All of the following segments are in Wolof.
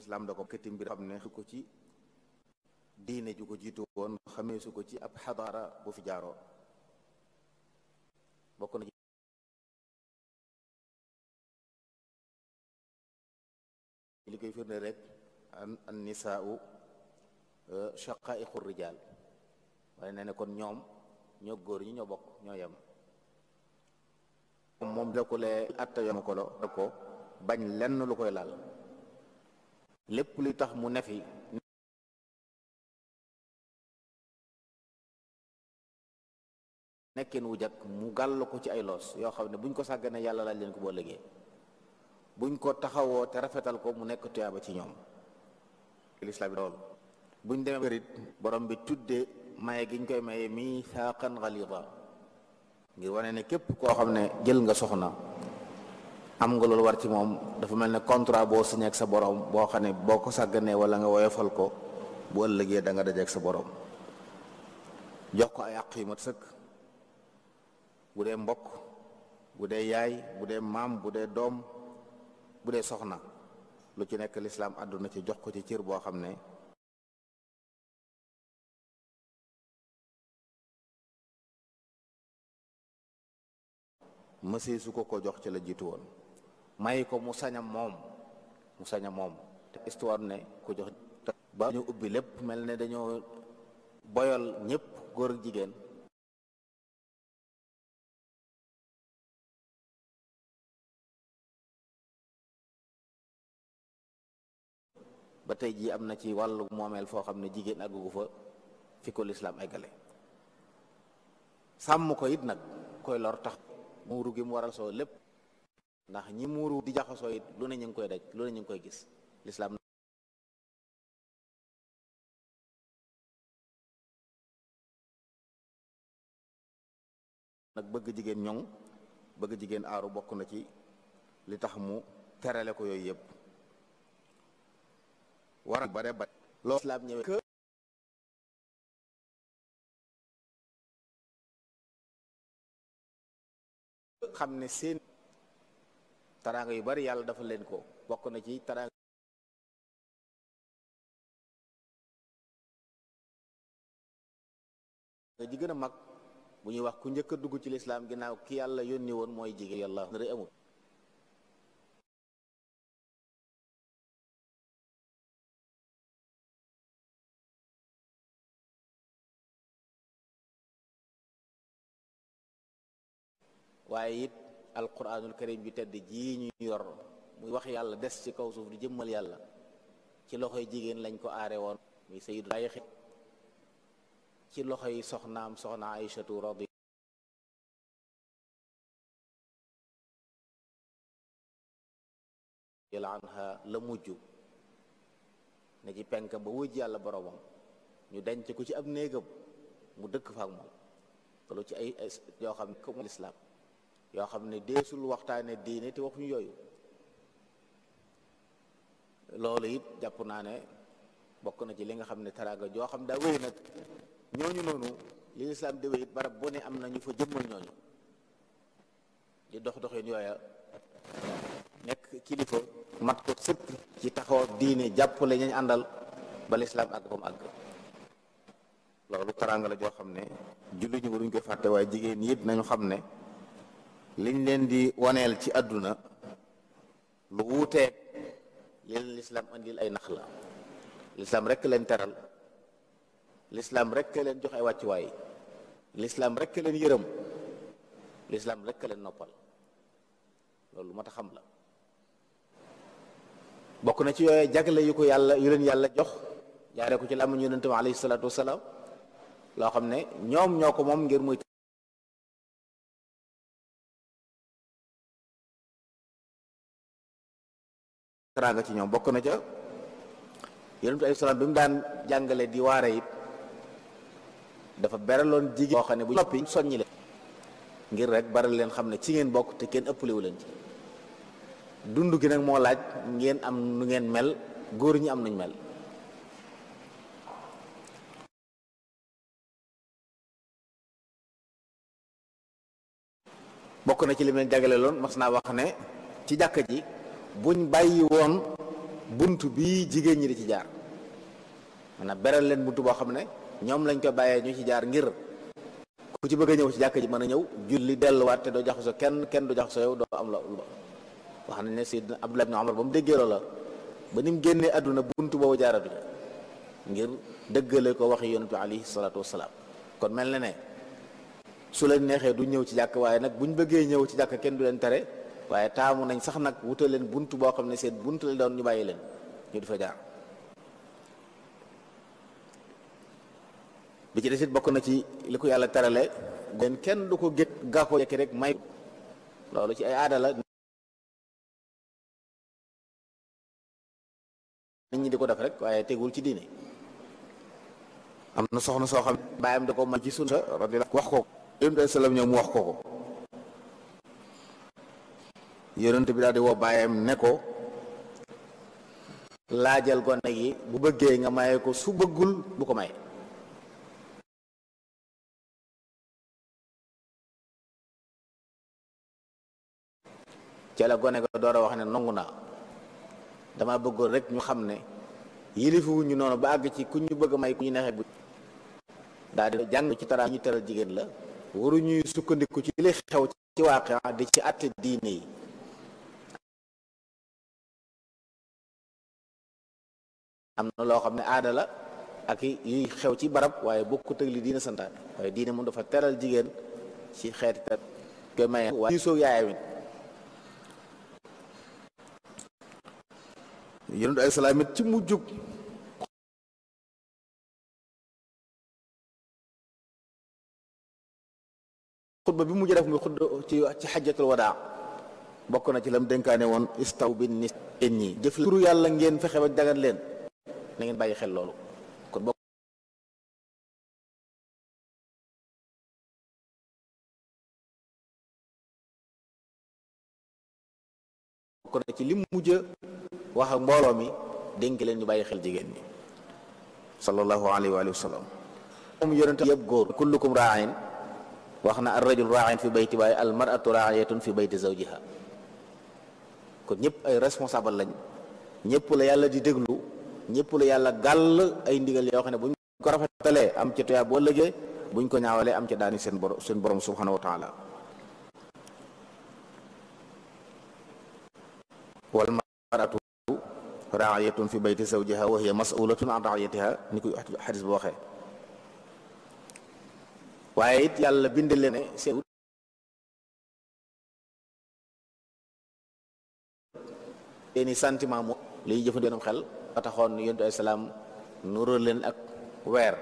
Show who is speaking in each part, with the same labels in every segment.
Speaker 1: islam da ko këtti ko ci diine ju ko ko ci ab xadaara bu fi jaaroo bokk na li koy firnde rek an nisaau e, shaqaiqu rijaal waaye nee na kon ñoom ñoo góor ñi ñoo bokk ñoo yem moom da ko lee atta yoma ko bañ lenn lu koy laal lépp li tax mu nefi fi nekkin wu jàkk mu gàll ko ci ay loos yoo xam ne buñ ko sàgganee yàlla lañ leen ko boo liggéey buñ ko taxawoo te rafetal ko mu nekk tuyaaba ci ñoom lislaam bi loolu buñ demee kërit borom bi tudde maye giñ koy maye mii saaqan xalida ngir wane ne képp koo xam ne jël nga soxna am nga loolu war ci moom dafa mel ne contrat boo signé ak sa borom boo xam ne boo ko sàgganee wala nga woyofal ko bu ëllëgee danga dajeek sa borom jox ko ay àq yu mat sëkk bu dee mbokk bu dee yaay bu dee maam bu dee doom bu dee soxna lu ci nekk lislaam àdduna ci jox ko ci cër boo xam ne mësee su ko ko jox ci la jiitu woon may ko mu sañ moom mu sañ a moom te histoire ne ku jox ba ñu ubbi lépp mel ne dañoo
Speaker 2: boyal ñëpp jigéen
Speaker 1: ba tey jii am na ci wàllu moomeel foo xam ne jigéen àggugu fa fi ko lislaam eggale sàmm ko it nag koy lor tax muuru gi mu waral soo lépp ndax ñi muuru di jaxasoo it lu ne ñu ngi koy daj lu ne ñu ngi koy gis lislaam nag bëgg jigéen ñoŋ bëgg jigéen aaru bokk na ci li tax mu terale ko yooyu yëpp war bare bare loolu lislaam ñëwee
Speaker 2: ne seen taraanga yu bari yàlla dafa leen ko bokk na ci taraanga
Speaker 1: ji gën a mag bu ñuy wax ku njëkk dugg ci lislaam ginnaaw ki yàlla yónni woon mooy jigéen yàlla waaye it alquranul karim ju tedd jii ñu yor muy wax yàlla des ci kaw suuf di jëmmal yàlla ci loxoy jigéen lañ ko aare woon muy sayidu ay xi ci loxoy soxnaam soxna aïchatu radi yàlla anha la mujj ne ci penkam ba wujj yàlla boromam ñu denc ko ci ab néegam mu dëkk fa ak moom loolu ci ay yoo xam ne comme lislaam yoo xam ne deesul waxtaane diine te waxuñu yooyu loolu it jàpp naa ne bokk na ci li nga xam ne taraanga joo xam ne daa wéy nag ñooñu noonu li lislaam di wéy it barab bu ne am na ñu fa jëmmal ñooñu di dox doxin yooya nekk kilifa mat ko sëkk ci taxaw diine jàppale ñañ àndal ba lislaam àgg ba àgg loolu taraanga la joo xam ne julli ñu waruñ koy fàtte waaye jigéen ñi nañu xam ne liñ leen di waneel ci àdduna lu wuuteeg li leen lislaam andil ay nax la lislaam rekk leen teral lislaam rekk leen jox ay wàccuwaay lislaam rekk leen yërëm lislaam rekk leen noppal loolu moo tax xam la bokk na ci yooyee jagle yu ko yàlla yu leen yàlla jox jaaree ko ci la am yonente bi alayhi salaatu wasalaam loo xam ne ñoom ñoo ko moom ngir muy
Speaker 2: teraanga ci ñoom bokk na
Speaker 1: ca yonent alayhi salaam bi mu daan jàngale di waare it dafa beraloon jigéen boo xam ne bu noppi soññi leen ngir rek baral leen xam ne ci ngeen bokk te kenn ëppalewu leen ci dund gi nag moo laaj ngeen am nu ngeen mel góor ñi am nañ mel bokk na ci li mu leen jàngale loon mas naa wax ne ci jàkka ji buñ bàyyi woon bunt bii jigéen ñi di ci jaar maanaam beral leen bunt boo xam ne ñoom lañ ko bàyyee ñu ci jaar ngir ku ci bëgg a ñëw ci jàkk ji mën a ñëw julli delluwaat te doo jaxasoo kenn kenn du jaxasoo yow doo am la wax nañ ne na Seydina Abdullah ibn Umar ba mu déggee loola ba ni mu génnee àdduna bunt boobu jaaratuñ ngir dëggale ko waxi yonent bi alayhi salaatu wasalaam kon mel na ne su leen neexee du ñëw ci jàkk waaye nag ñu bëggee ñëw ci jàkk kenn du leen tere waaye taamu nañ sax nag wutal leen bunt boo xam ne seen bunt la doon ñu bàyyi leen ñu di fa jaar bi ci desit bokk na ci li ko yàlla terale den kenn du ko gét gaa ko jekki rek may
Speaker 2: loolu ci ay aadala la nit
Speaker 1: ñi di ko def rek waaye tegul ci diine am na soxna soo xam ne baayam da ko may ci sunna radiyallahu wax ko ko yonent sallam ñoom wax ko ko yonent bi daal di woo baayam ne ko laajal gone gi bu bëggee nga maye ko su bëggul bu ko may ca la gone ga door a wax ne nangu naa dama bëggoon rekk ñu xam ne yilifuwu noonu ba àgg ci ku ñu bëgg a may ku ñu neexee bu daal di jàng ci tara ñu teral jigéen la waru ñuy sukkandiku ci li xew ci waaqia di ci àtte diine yi am na loo xam ne aada la ak yuy xew ci barab waaye bokkut ak li diine santaane waaye diine moom dafa teral jigéen ci xeeti ter koy maye waaye ci mujjug xutba bi mujj def muy ci ci wadaa bokk na ci lam dénkaane woon istaw bi nit ñi jëf turu yàlla ngeen fexe ba dagan leen na bàyyi xel loolu kon bokk ci li mujj wax ak mbooloo mi dénk leen ñu bàyyi xel jigéen ñi sallallahu alayhi wa sallam moom yonente yëpp góor kullukum wax na ar rajul raain fi bayti waaye al maratu fi bayti zawjiha kon ñëpp ay responsable lañ ñëpp la yàlla di déglu ñépp la yàlla gàll ay ndigal yoo xam ne buñ ko rafetalee am ci tuyaa boo lëgee buñ ko ñaawalee am ci seen borom seen borom subhanahu wa wal maratu raayatun fi bayti zawjiha wa hiya masulatun an raayatiha ni waaye it yàlla bind leen ne seen seeni sentiment moom li ñuy jëfandikoo xel ba taxoon yontu ay salaam nuroo leen ak weer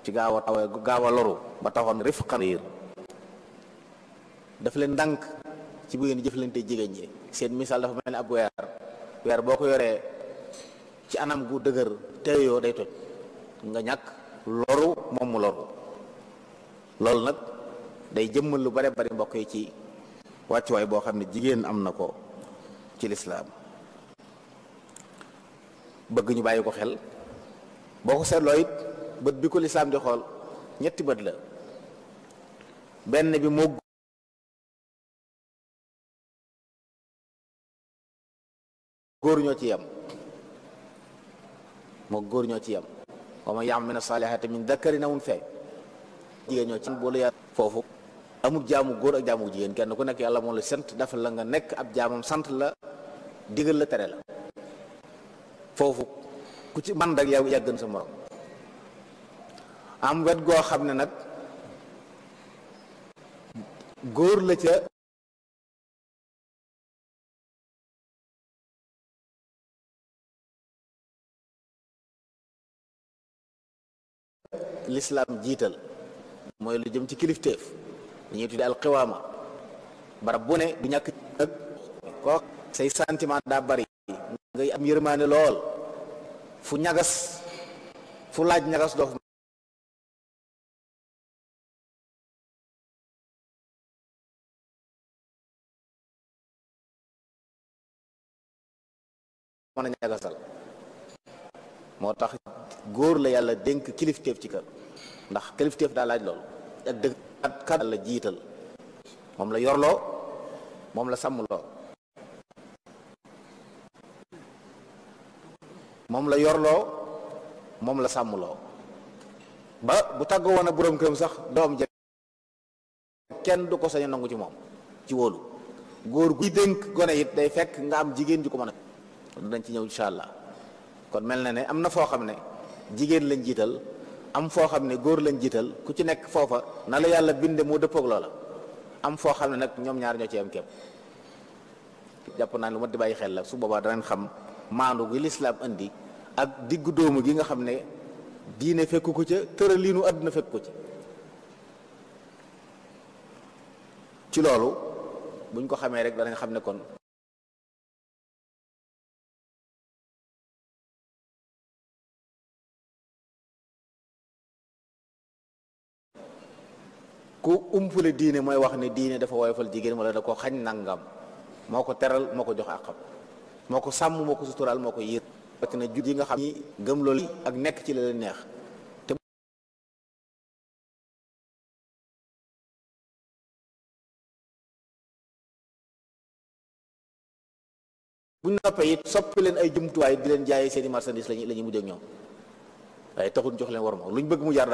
Speaker 1: ci gaaw a tawe gaaw a loru ba taxoon rifqan riir dafa leen ndànk ci bu ngeen jëflante jigéen ñi seen misaal dafa mel ni ab weer weer boo ko yoree ci anam gu dëgër teeyoo day toj nga ñàkk loru moom mu loru loolu nag day jëmmal lu bare bari mbokk yi ci wàccuwaay boo xam ne jigéen am na ko ci lislaam bëgg ñu bàyyi ko xel boo ko seetloo it bët bi ko lislaam di xool ñetti bët la benn bi moo
Speaker 2: góor ñoo ci yem
Speaker 1: moo góor ñoo ci yem wa man yaam mina saalihaati min dakarin aw unsaa jigéen ñoo ci boolu yàlla foofu amul jaamu góor ak jaamu jigéen kenn ku nekk yàlla moo la sant dafa la nga nekk ab jaamam sant la digal la tere la foofu ku ci man rek yow yaa sa morom am wet goo xam ne nag góor la ca lislaam jiital mooy lu jëm ci kilifteef li ñuy tuddee barab bu ne du ñàkk nag koo say sentiment daa bari ngay am yërmaane lool fu ñagas fu laaj ñagas doo mën moo tax góor la yàlla dénk kilifteef ci kër ndax kilifteef daa laaj loolu ak dëgg kat la jiital moom la yorloo moom la sàmmloo moom la yorloo moom la sàmmloo ba bu tàgg woon a boroom këram sax doom ja kenn du ko sañ nangu ci moom ci wóolu góor guy dénk gone it day fekk nga am jigéen ju ko mën a dañ ci ñëw insha allah kon mel na ne am na foo xam ne jigéen lañ jiital am foo xam ne góor lañ jiital ku ci nekk foofa na la yàlla binde moo dëppoog la am foo xam ne nag ñoom ñaar ñoo ci am képp jàpp naa lu ma di bàyyi xel la su boobaa danañ xam maandu gi lislaam indi ak diggu doomu gi nga xam ne diine fekku ko ca tëraliinu àdduna fekk ko ci ci loolu
Speaker 2: buñ ko xamee rek danañ xam ne kon
Speaker 1: ku umpule diine mooy wax ne diine dafa woyofal jigéen wala da ko xaj nangam moo ko teral moo ko jox àqam moo ko sàmm moo ko suturaal moo ko yéet na jur yi nga xam ni gëm loolu nekk ci la neex bu ñu noppee it soppi leen ay jumtuwaay di leen jaayee seeni marchandise lañuy lañuy mujj ak ñoom waaye taxul jox leen war ma bëgg mu jar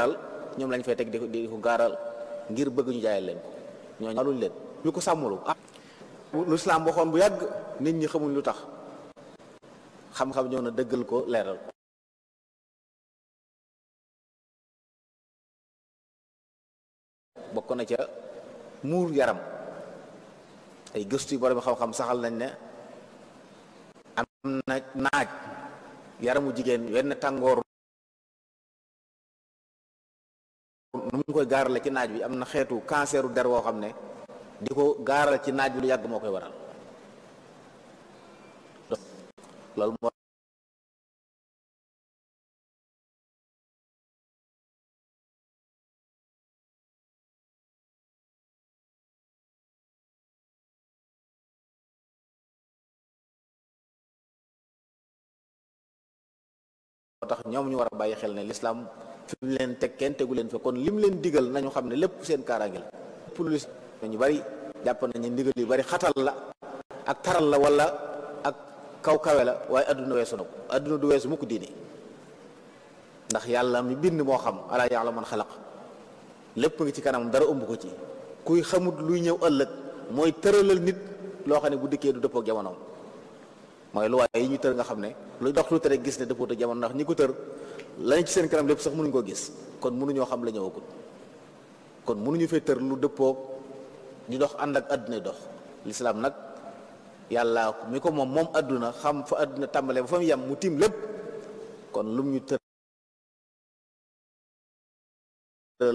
Speaker 1: ñoom lañ fay teg di ko ngir bëgg ñu jaayal leen ñoo ñooñu aluñ leen ñu ko sàmmulu ah, lu islaam waxoon bu yàgg nit ñi xamuñ lu tax xam-xam ñëw na
Speaker 2: dëggal ko leeral ko
Speaker 1: bokk na ca muur yaram ay gëstu yu borom xam-xam saxal nañ ne am na naaj yaramu jigéen wenn tàngoor nu mu koy gaarale ci naaj bi am na xeetu canceru der woo xam ne di ko gaaral ci naaj bi lu yàgg moo koy waral loolu moo tax ñoom ñu war a bàyyi xel ne lislaam fi mu leen teg kenn tegu leen fa kon lim leen digal nañu xam ne lépp seen kaaraange la pour lu ñu bari jàpp nañu ndigal yu bari xatal la ak taral la wala kaw kawe la waaye adduna weesu na ko adduna du weesu mukk diine ndax yàlla mi ni moo xam alaa la man xalaq lépp ngi ci kanam dara ëmb ko ci kuy xamut luy ñëw ëllëg mooy tëralal nit loo xam ne bu dikkee du dëppoo ak jamonoom mooy lu waaye yi nga xam ne lu dox lu tere gis ne dëppoo ak ndax ñi ko tër lañu ci seen kanam lépp sax mënuñ koo gis kon mënuñoo xam la ñëwagul kon mënuñu fee tër lu dëppook di dox ànd ak àdduna dox lislaam nag yàlla mi ko moom moom àdduna xam fa àdduna tàmbalee ba fa mu yem mu tiim lépp kon lum ñu tëral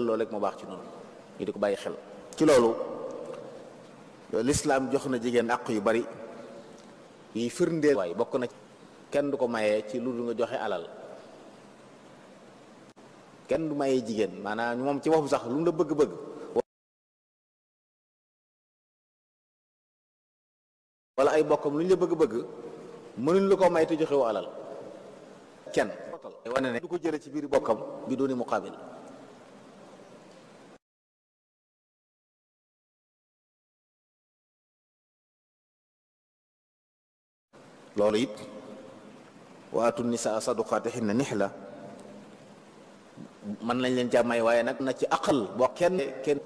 Speaker 1: loolu rek mu baax ci noonu ñu di ko bàyyi xel ci loolu lislaam jox na jigéen àq yu bari yi firndeel waaye bokk na kenn du ko maye ci lu dul nga joxe alal kenn du mayee jigéen maanaa moom ci waxu sax lu mu la bëgg-bëgg ay bokkam lu ñu la bëgg-bëgg mënuñ lu ko may te joxewu alal kenn wane ne du ko jële ci biir bokkam bi dooni muqaabil loolu it waatu nisaa ne nihla mën nañ leen caa may waaye nag na ci aqal boo kenn kenn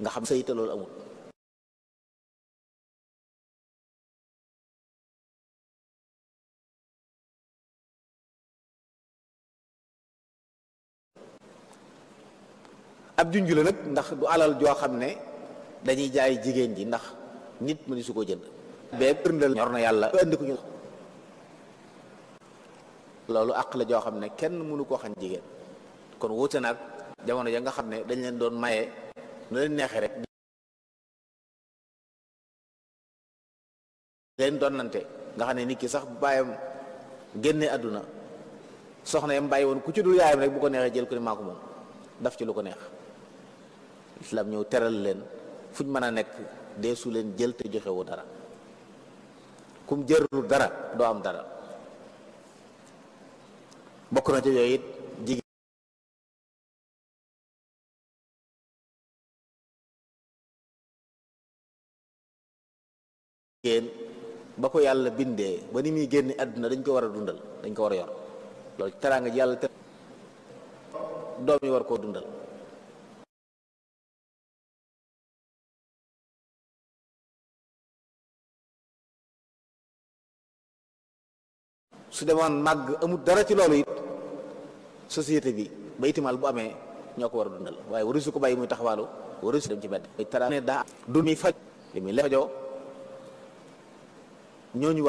Speaker 1: nga xam sa loolu amul ab junj la nag ndax du alal joo xam ne dañuy jaay jigéen ji ndax nit mënu su ko jënd bee ërndal ñor na yàlla indi loolu àq joo xam ne kenn mënu koo xañ jigéen kon wuute nag jamono ya nga xam ne dañ leen doon maye nu leen neexee rek leen donnante nga xam ne nit ki sax bàyyam génne àdduna soxna yam bàyyi woon ku ci dul yaayam rek bu ko neexee jël ko ne maa ko moom daf ci lu ko neex islam ñëw teral leen fuñ ñu mën a nekk deesu leen jël te joxewu dara kum jërul dara doo am dara bokk na ci yooyu it ba ko yàlla bindee ba ni muy génn àdduna dañ ko war a dundal dañ ko war a yor loolu teraanga ji yàlla te doom war koo dundal su demoon màgg amul dara ci loolu it société bi ba itimal bu amee ñoo ko war a dundal waaye waru su ko bàyyi muy taxawaalu waru su dem ci mbedd tara ne daa du muy faj li muy lefajoo ñooñu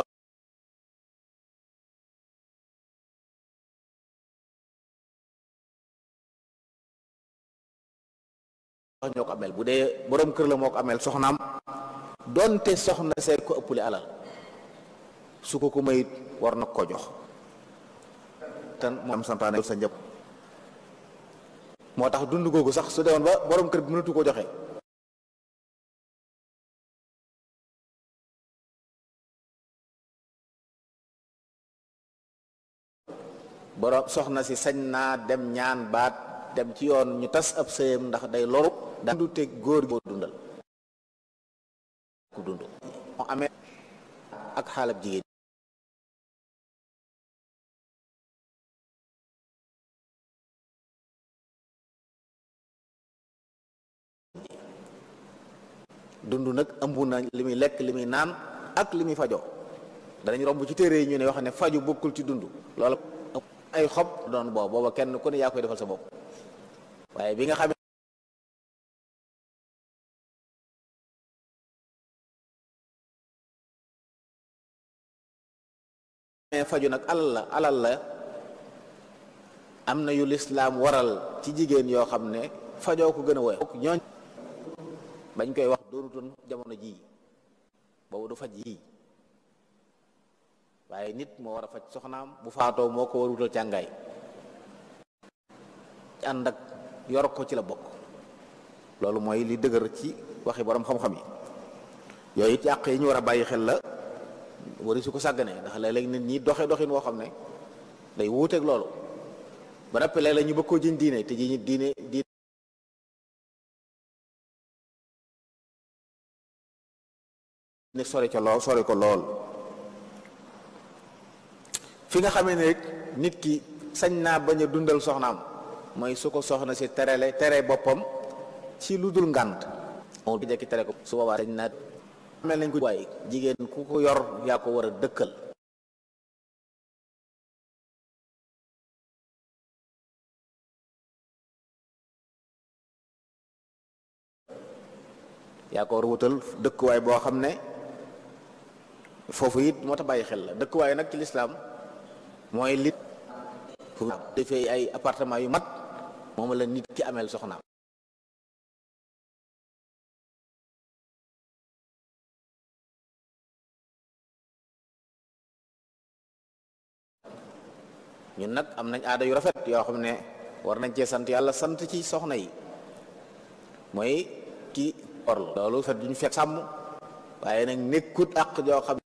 Speaker 1: ñoo ko ameel bu dee boroom kër la moo ko ameel soxnaam donte soxna see ko ëppale alal su ko ko mayit war na ko jox te moo am sa njab moo tax dund googu sax su demoon ba borom kër bi mënatu ko joxe borom soxna si sañ naa dem ñaan baat dem ci yoon ñu tas ab sëyam ndax day loru daa du te góor gi dundal
Speaker 2: ku moo amee ak xaalab jigéen
Speaker 1: dund nag ëmb nañ li muy lekk li muy naan ak li muy fajoo danañ romb ci téere yi ñu ne wax ne faju bokkul ci dund loolu ay xob doon booba kenn kon ne yaa koy defal sa bopp
Speaker 2: waaye bi nga xam faju nag
Speaker 1: alal la alal la am na yu lislaam waral ci jigéen yoo xam ne fajoo ko gën a woy ñooñ bañ koy wax doonutoon jamono jii boobu du faj yii waaye nit moo war a faj soxnaam bu faatoo moo ko war wutal càngaay ànd ak yor ko ci la bokk loolu mooy li dëgër ci waxi borom xam-xam yi yooyu it yàq yi ñu war a bàyyi xel la wari su ko sàggane ndax léeg-léeg nit ñi doxe doxin woo xam ne day wuuteeg loolu ba noppi léeg-léeg ñu bëgg diine te ji diine diine ne sori ca lool ko lool fi nga xame ne nit ki sañ naa bañ dundal soxnaam mooy su ko soxna si terele tere boppam ci lu dul ngànt moom jekki tere ko su boobaa sañ naa mel nañ ko waaye jigéen ku ko yor yaa ko war dëkkal yaa ko war wutal dëkkuwaay boo xam ne foofu it moo tax bàyyi xel la dëkk dëkkuwaay nag ci lislaam mooy lit defee ay appartement yu mat moom la nit ki ameel soxnaam ñun nag am nañ aada yu rafet yoo xam ne war nañ cee sant yàlla sant ci soxna yi mooy ki orlu loolu fet duñu fekk sàmm waaye nag nekkut àq joo xam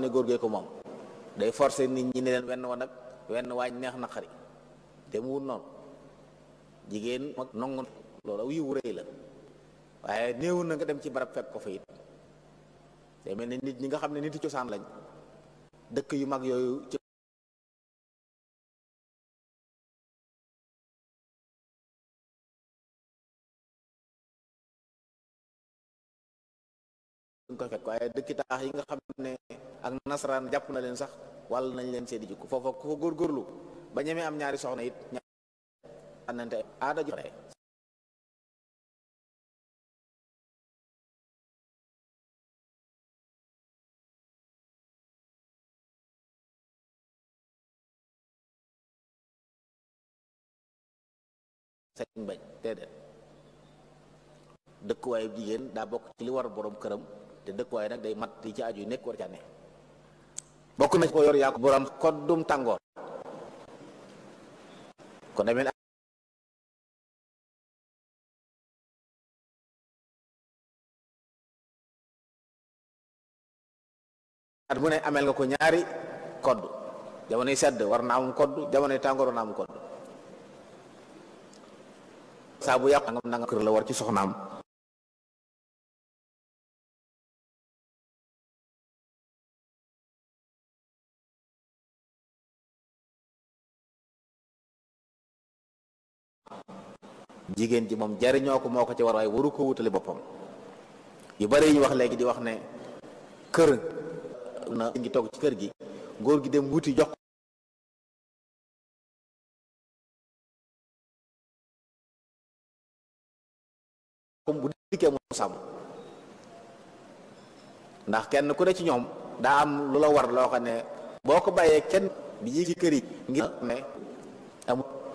Speaker 1: ne góor gee ko moom day forcer nit ñi ne leen wenn wa nag wenn waañ neex na xari te mu wut noonu jigéen mag nongu loolu aw yiwu rëy la waaye néew na nga dem ci barab fekk ko fa it mel ne nit ñi nga xam ne nit yi cosaan lañ dëkk yu mag yooyu ci nga ko fekk waaye dëkki taax yi nga xam ne ak nasaraan jàpp na leen sax wàll nañ leen seedi jikko foofa ku fa góorgóorlu ba ñemee am ñaari soxna it ñaanante aada ju sañ bañ jigéen daa bokk ci li war borom këram te dëkkuwaay nag day mat yi ci aju yu nekk war ca ne bokk na ko yor yaa ko borom koddum tàngoor kon demeen at mu ne amel nga ko ñaari kodd jamonoy sedd war na am kodd jamonoy tàngoor war na am kodd saa bu yàqu
Speaker 2: nangam kër la war ci soxnaam jigéen ji moom
Speaker 1: jariñoo ko moo ko ci war waaye waru ko wutale boppam yu bari yi ñu wax léegi di wax ne kër na ngi toog ci kër gi góor gi dem wuti jox ko bu dikkee mu sàmm ndax kenn ku ne ci ñoom daa am lu la war loo xam ne boo ko bàyyee kenn bi ji ci kër yi ngir ne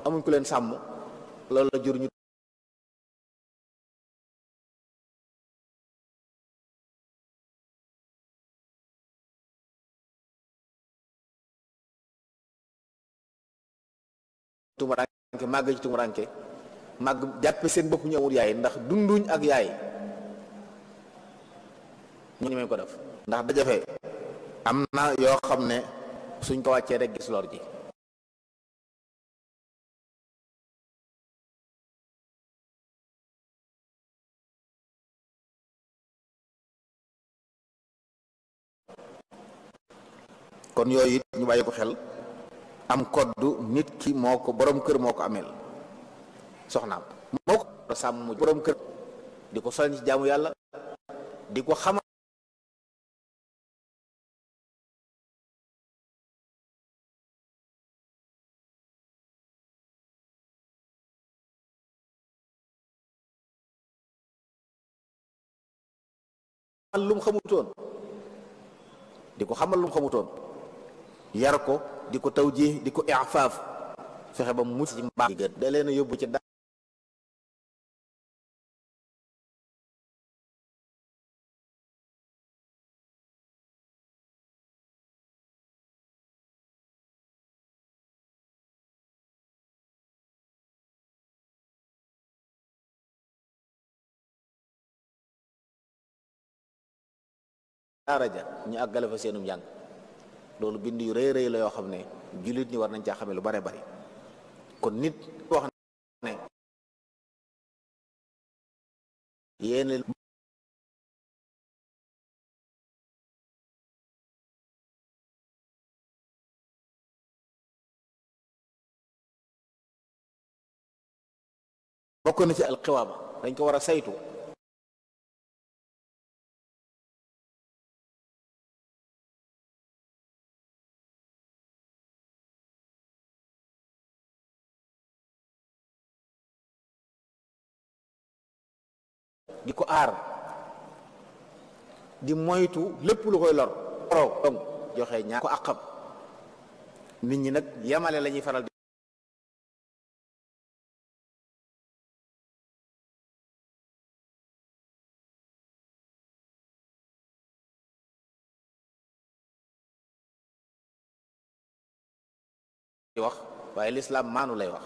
Speaker 1: amuñ ku leen sàmm loolu la jur ñu tumuranke màgg ci tumuranke màgg jàppe seen bopp ñu yaay ndax dunduñ ak yaay ñu ñemee ko def ndax dajafe am na yoo xam ne suñ ko wàccee rek gis lor ji kon yooyu it ñu bàyyi ko xel am koddu nit ki moo ko borom kër moo ko ameel soxnaam moo ko sàmm borom kër di ko sol ci jaamu yàlla di ko xamal lum xamutoon di ko xamal lum xamutoon yar ko di ko taw ji di ko ifaaf fexe ba mucc ci mbaax gi gën da daara ja ñu àggale fa seenum njàng loolu bind yu rëy rëy la yoo xam ne jullit ñi war nañ caa xame lu bare bari kon nit wax ne
Speaker 2: yéen bokk na ci alxiwaama dañ ko war a saytu
Speaker 1: di ko aar di moytu lépp lu koy lor oro donc joxe ñaar ko àqam nit ñi nag
Speaker 2: yemale la ñuy faral di
Speaker 1: wax waaye lislaam maandu lay wax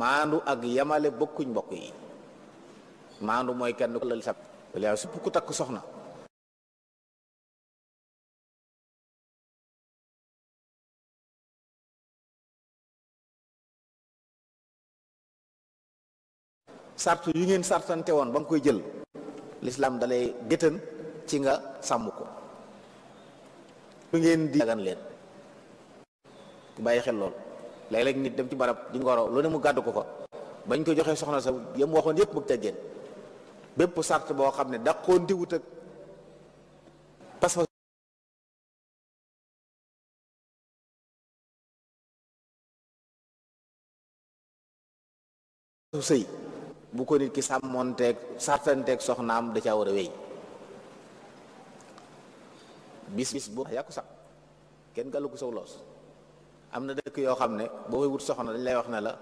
Speaker 1: maandu ak yamale bokkuñ mbokk yi maandu mooy kenn ku lal sab walla takk soxna sart yu ngeen sartante woon ba nga koy jël lislaam dalay géttan ci nga sàmm ko lu ngeen di dagan leen bàyyi xel lool léeg-léeg nit dem ci barab di ngoro lu ne mu gàdd ko ko bañ ko joxee soxna sa yam waxoon yépp bëgg teggeen bépp sart boo xam ne daqoon diwut ak
Speaker 2: parce que sëy
Speaker 1: bu ko nit ki sàmmoonteeg sartanteeg soxnaam da caa war a wéy bis bis boo yàqu sax kenn gàllu ko saw loos am na dëkk yoo xam ne boo fay wut soxna dañ lay wax ne la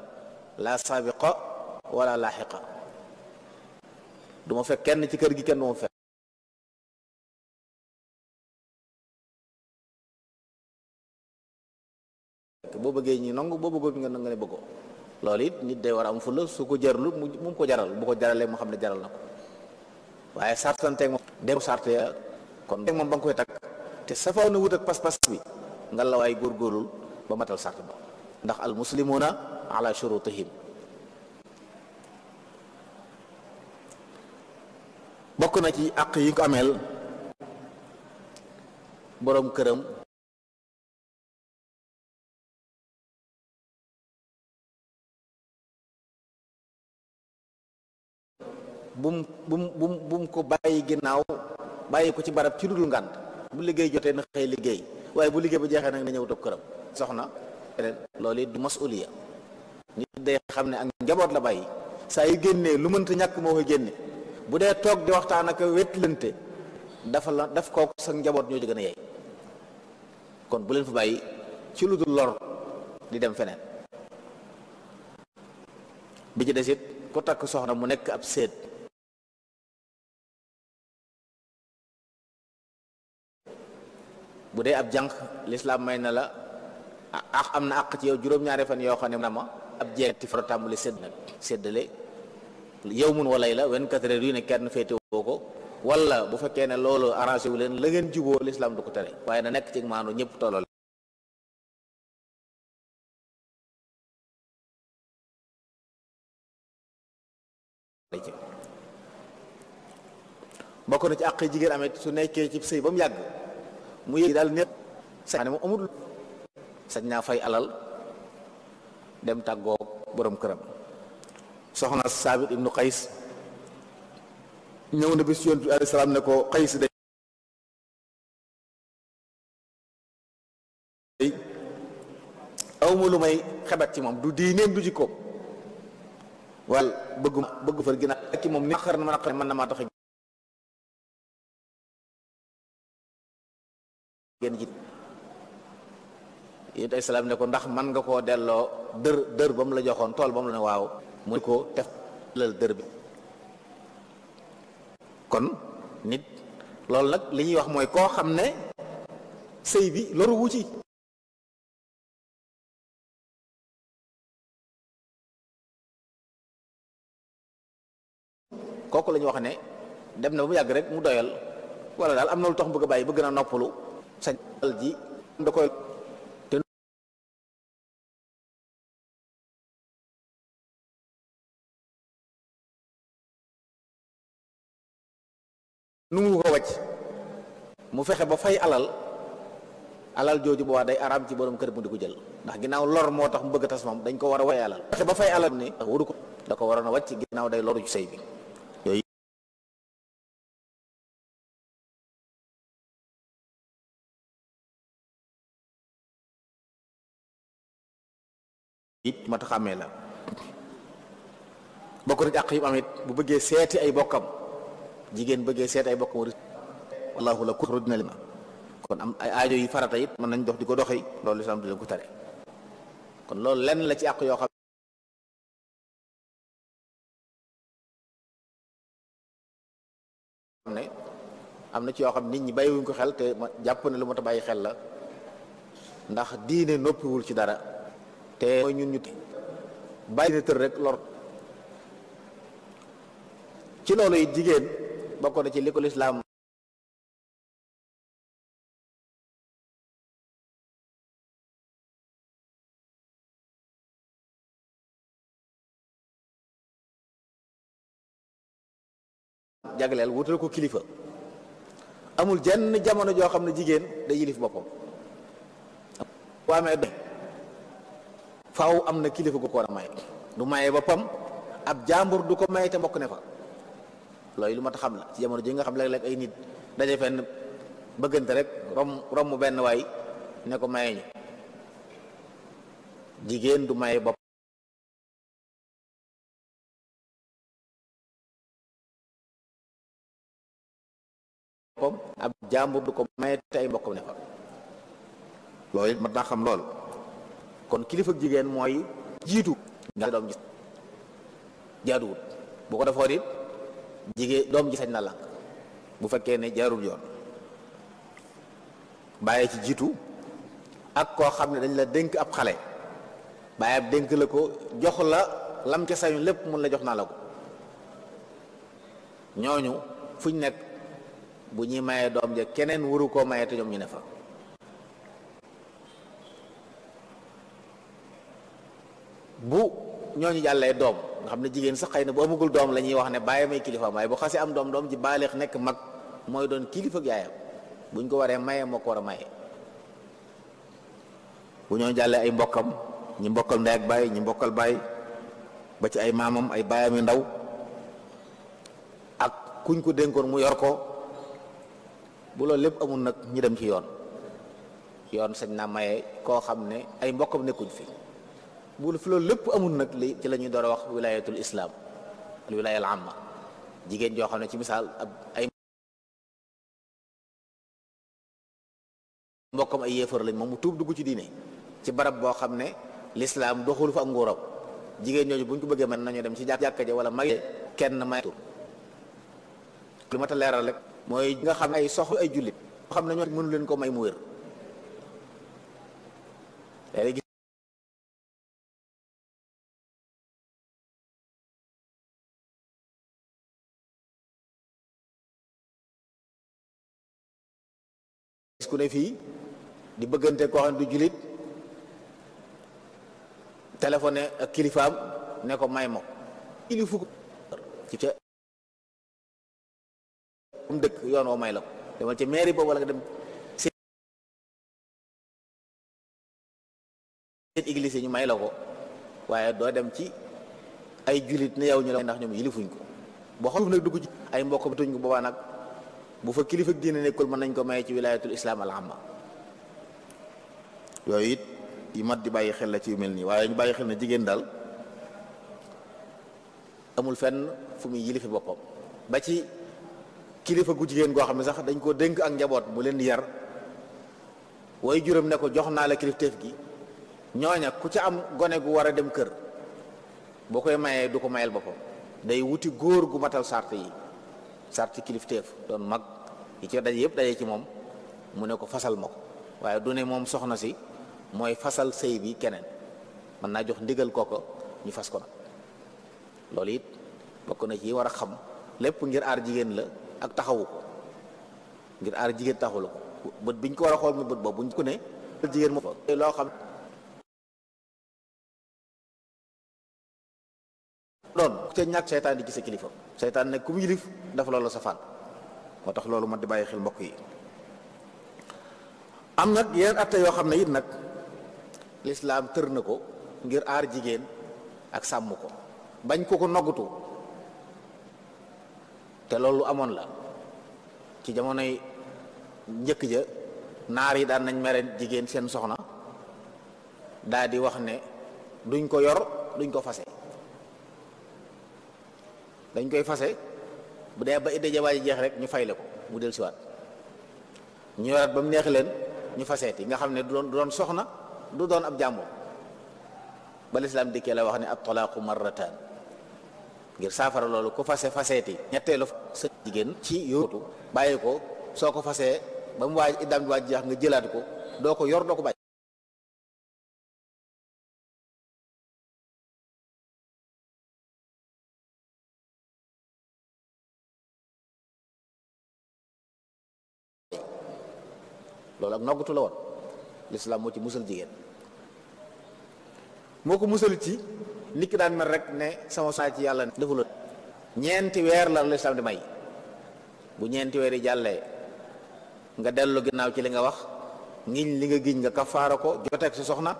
Speaker 1: la sabiqa wala laaxiqa du ma fekk kenn ci kër gi kenn du ma fekk boo bëggee ñi nangu boo bëggoo bi nga nga ne bëggoo loolu it nit day war a am fulla su ko jarul mu mu ko jaral bu ko jaralee mu xam ne jaral na ko waaye sartanteeg moom dem sarte ya kon teeg moom ba nga koy takk te safaaw na wut ak bi nga la waay góorgóorlul ba matal sart ba ndax al muslimuna ala shurutihim bokk na ci àq yi ko ameel boroom këram bum bum bum bum ko bàyyi ginnaaw bàyyi ko ci barab ci dul ngànt bu liggéey jotee na xëy liggéey waaye bu liggéey ba jeexee nag na ñëw toog këram soxna leen loolu du masuliya nit day xam ne ak njaboot la bàyyi saa yu génnee lu mënta ñàkk moo koy génne bu dee toog di waxtaan ak wettilante dafa la daf kooku sa njaboot ñoo ci gën a kon bu leen fa bàyyi ci lu dul lor di dem feneen bi ci desit ku takk soxna
Speaker 2: mu nekk ab séet
Speaker 1: bu dee ab janq lislaam may na la ah am na àq ci yow juróom-ñaari fan yoo xam ne na ma ab jeeti faro tàmbali sedd nag seddale yow mun walay la 24 heures yu ne kenn féete woo ko wala bu fekkee ne loolu arrangé wu leen la ngeen juboo lislaam du ko tere waaye na nekk ci maanu ñëpp tolloo bokk na ci àq jigéen amee su nekkee ci sëy ba mu yàgg mu yëg daal ñëpp sañ ne mu amul sañ naa fay alal dem tàggoog boroom këram soxna saabit ibnu qays ñëw na bis yonent bi alayhi salaam ne ko qays day may xebat ci moom du diineem du wal bëggu bëggu far ginnaaw ak ci moom na ma mën na maa tax génn salaam ne ndax man nga koo delloo dër dër ba mu la joxoon tool ba mu la ne waaw mu ko tef lal dër bi kon nit loolu nag li ñuy wax mooy koo xam ne sëy bi loruwu ci kooku la wax ne dem na ba mu yàgg rek mu doyal wala daal am na lu tax mu bëgg a bàyyi bëgg na noppalu sañ ji da nu mu ko wàcc mu fexe ba fay alal alal jooju bu waa day araam ci borom kër mu di ko jël ndax ginnaaw lor moo tax mu bëgg a tas moom dañ ko war a fay alal fay alal waru ko da ko waroon a wàcc ginnaaw day
Speaker 2: loru ci sëy bi yooyu
Speaker 1: ma tax xàmmee la bokk nit àq yi am bu bëggee seeti ay bokkam jigéen bëggee seet ay bokkam war wallahu la kufru dina lima kon am ay aajo yi farata it mën nañ dox di ko doxee loolu lislaam du ko tare
Speaker 2: kon loolu lenn la ci àq yoo xam
Speaker 1: ne am na ci yoo xam nit ñi bàyyiwuñ ko xel te jàpp ne lu ma ta bàyyi xel la ndax diine noppiwul ci dara te mooy ñun ñu bàyyi ne tër rek lor ci loolu it jigéen bokk ci li ko jagleel wutal ko kilifa amul jenn jamono joo xam ne jigéen day yilif boppam waamee doy am na kilifa gu ko war may du maye boppam ab jàmbur du ko may te mbokk ne fa loolu lu mat a xam na ci jamono ji nga xam léeg-léeg ay nit daje fenn bëggante rek rom romb benn waay ne ko maye ñu jigéen du maye bopp
Speaker 2: boppam ab jàmbur
Speaker 1: du ko maye te ay mbokkam ne fa loolu it mat naa xam lool kon kilifa jigéen mooy jiitu nga doom gis jaaduwut bu ko defoon it jigéen doom ji sañ na lànk bu fekkee ne jarul yoon bàyyi ci jiitu ak koo xam ne dañ la dénk ab xale bàyyi ab dénk la ko jox la lam ca sañu lépp mun la jox naa la ko ñooñu fuñ nekk bu ñuy mayee doom ja keneen waru koo mayee te ñoom ñu ne fa bu ñooñu jàllee doom xam ne jigéen sax xëy na bu amagul doom lañuy wax ne bàyyi may kilifaam waaye bu xasee am doom doom ji baaleex nekk mag mooy doon kilifa ak yaayam buñ ko waree maye moo ko war a maye bu ñoo jàllee ay mbokkam ñi mbokkal ndey ak baay ñi mbokkal baay ba ci ay maamam ay baayam yu ndaw ak kuñ ko dénkoon mu yor ko bu loolu lépp amul nag ñu dem ci yoon yoon sañ naa maye koo xam ne ay mbokkam nekkuñ fi bu fi loolu lépp amul nag ci la ñuy door wax wilayatul islam al wilaya al amma jigéen joo xam ne ci misaal ab ay ay yéefar lañ moom mu tuub dugg ci diine ci barab boo xam ne lislaam doxul fa ak nguuram jigéen ñooñu buñ ko bëggee mën nañu dem ci jàkka ja wala may kenn may tur lu ma ta leeral rek mooy nga xam ne ay soxla ay jullit xam ne ñoo mënu leen ko may mu wér ku ne fii di bëggante koo xam ne du jullit téléphoné ak kilifaam ne ko may ma il faut ci ca mu dëkk yoon woo may la ko demal
Speaker 2: dem seen
Speaker 1: église ñu may la ko waaye doo dem ci ay jullit ne yow ñu la ndax ñoom yilifuñ ko boo xam nag dugg ci ay mbokk bi tuñ ko boobaa nag bu fa kilifa diine nekkul mën nañ ko maye ci wilaayatul islaam al amma yooyu it yi mat di bàyyi xel la ci yu mel nii waaye ñu bàyyi xel na jigéen dal amul fenn fu muy yilifi boppam ba ci kilifa gu jigéen goo xam ne sax dañ koo dénk ak njaboot mu leen yar way juróom ne ko jox naa la kilifteef gi ñooña ku ci am gone gu war a dem kër boo koy mayee du ko mayel boppam day wuti góor gu matal sart yi sarti kilifteef doon mag yi ci daje yëpp daje ci moom mu ne ko fasal ma ko waaye du ne moom soxna si mooy fasal sëy bi keneen mën naa jox ndigal kooko ñu fas ko nag loolu it bokk na ci war a xam lépp ngir aar jigéen la ak taxawu ko ngir aar jigéen taxawu la ko bët biñ ko war a xool mu bët boobu buñ ko ne jigéen moo fa loo xam
Speaker 2: doon ku ca ñàkk seytaan di gise
Speaker 1: kilifa seytaan nag ku mu yilif dafa loolu sa faat moo tax loolu mat di bàyyi xel mbokk yi am nag yeneen atte yoo xam ne it nag lislaam tër na ko ngir aar jigéen ak sàmm ko bañ ko ko noggutu te loolu amoon la ci jamonoy njëkk ja naar yi daan nañ mere jigéen seen soxna daa di wax ne duñ ko yor duñ ko fase dañ koy fase bu dee ba idda jawaaji jeex rek ñu fay la ko mu del siwaat ñu yoraat ba mu neex leen ñu faseeti nga xam ne du doon soxna du doon ab jàmbur ba lislaam dikkee la wax ne ab talaaqu marrataan ngir saafara loolu ku fase faseeti ñetteelu sa jigéen ci yóotu bàyyi ko soo ko fasee ba mu waaj iddaam di waaj jeex nga jëlaat ko doo ko yor doo ko bàyyi ak noggatu la woon lislaam moo ci musal jigéen moo ko musal ci nit ki daan mel rek ne sama soxna ci yàlla defula ñeenti weer la lislaam di may bu ñeenti weer yi jàllee nga dellu ginnaaw ci li nga wax ngi li nga giñ nga kafaara ko joteeg si soxna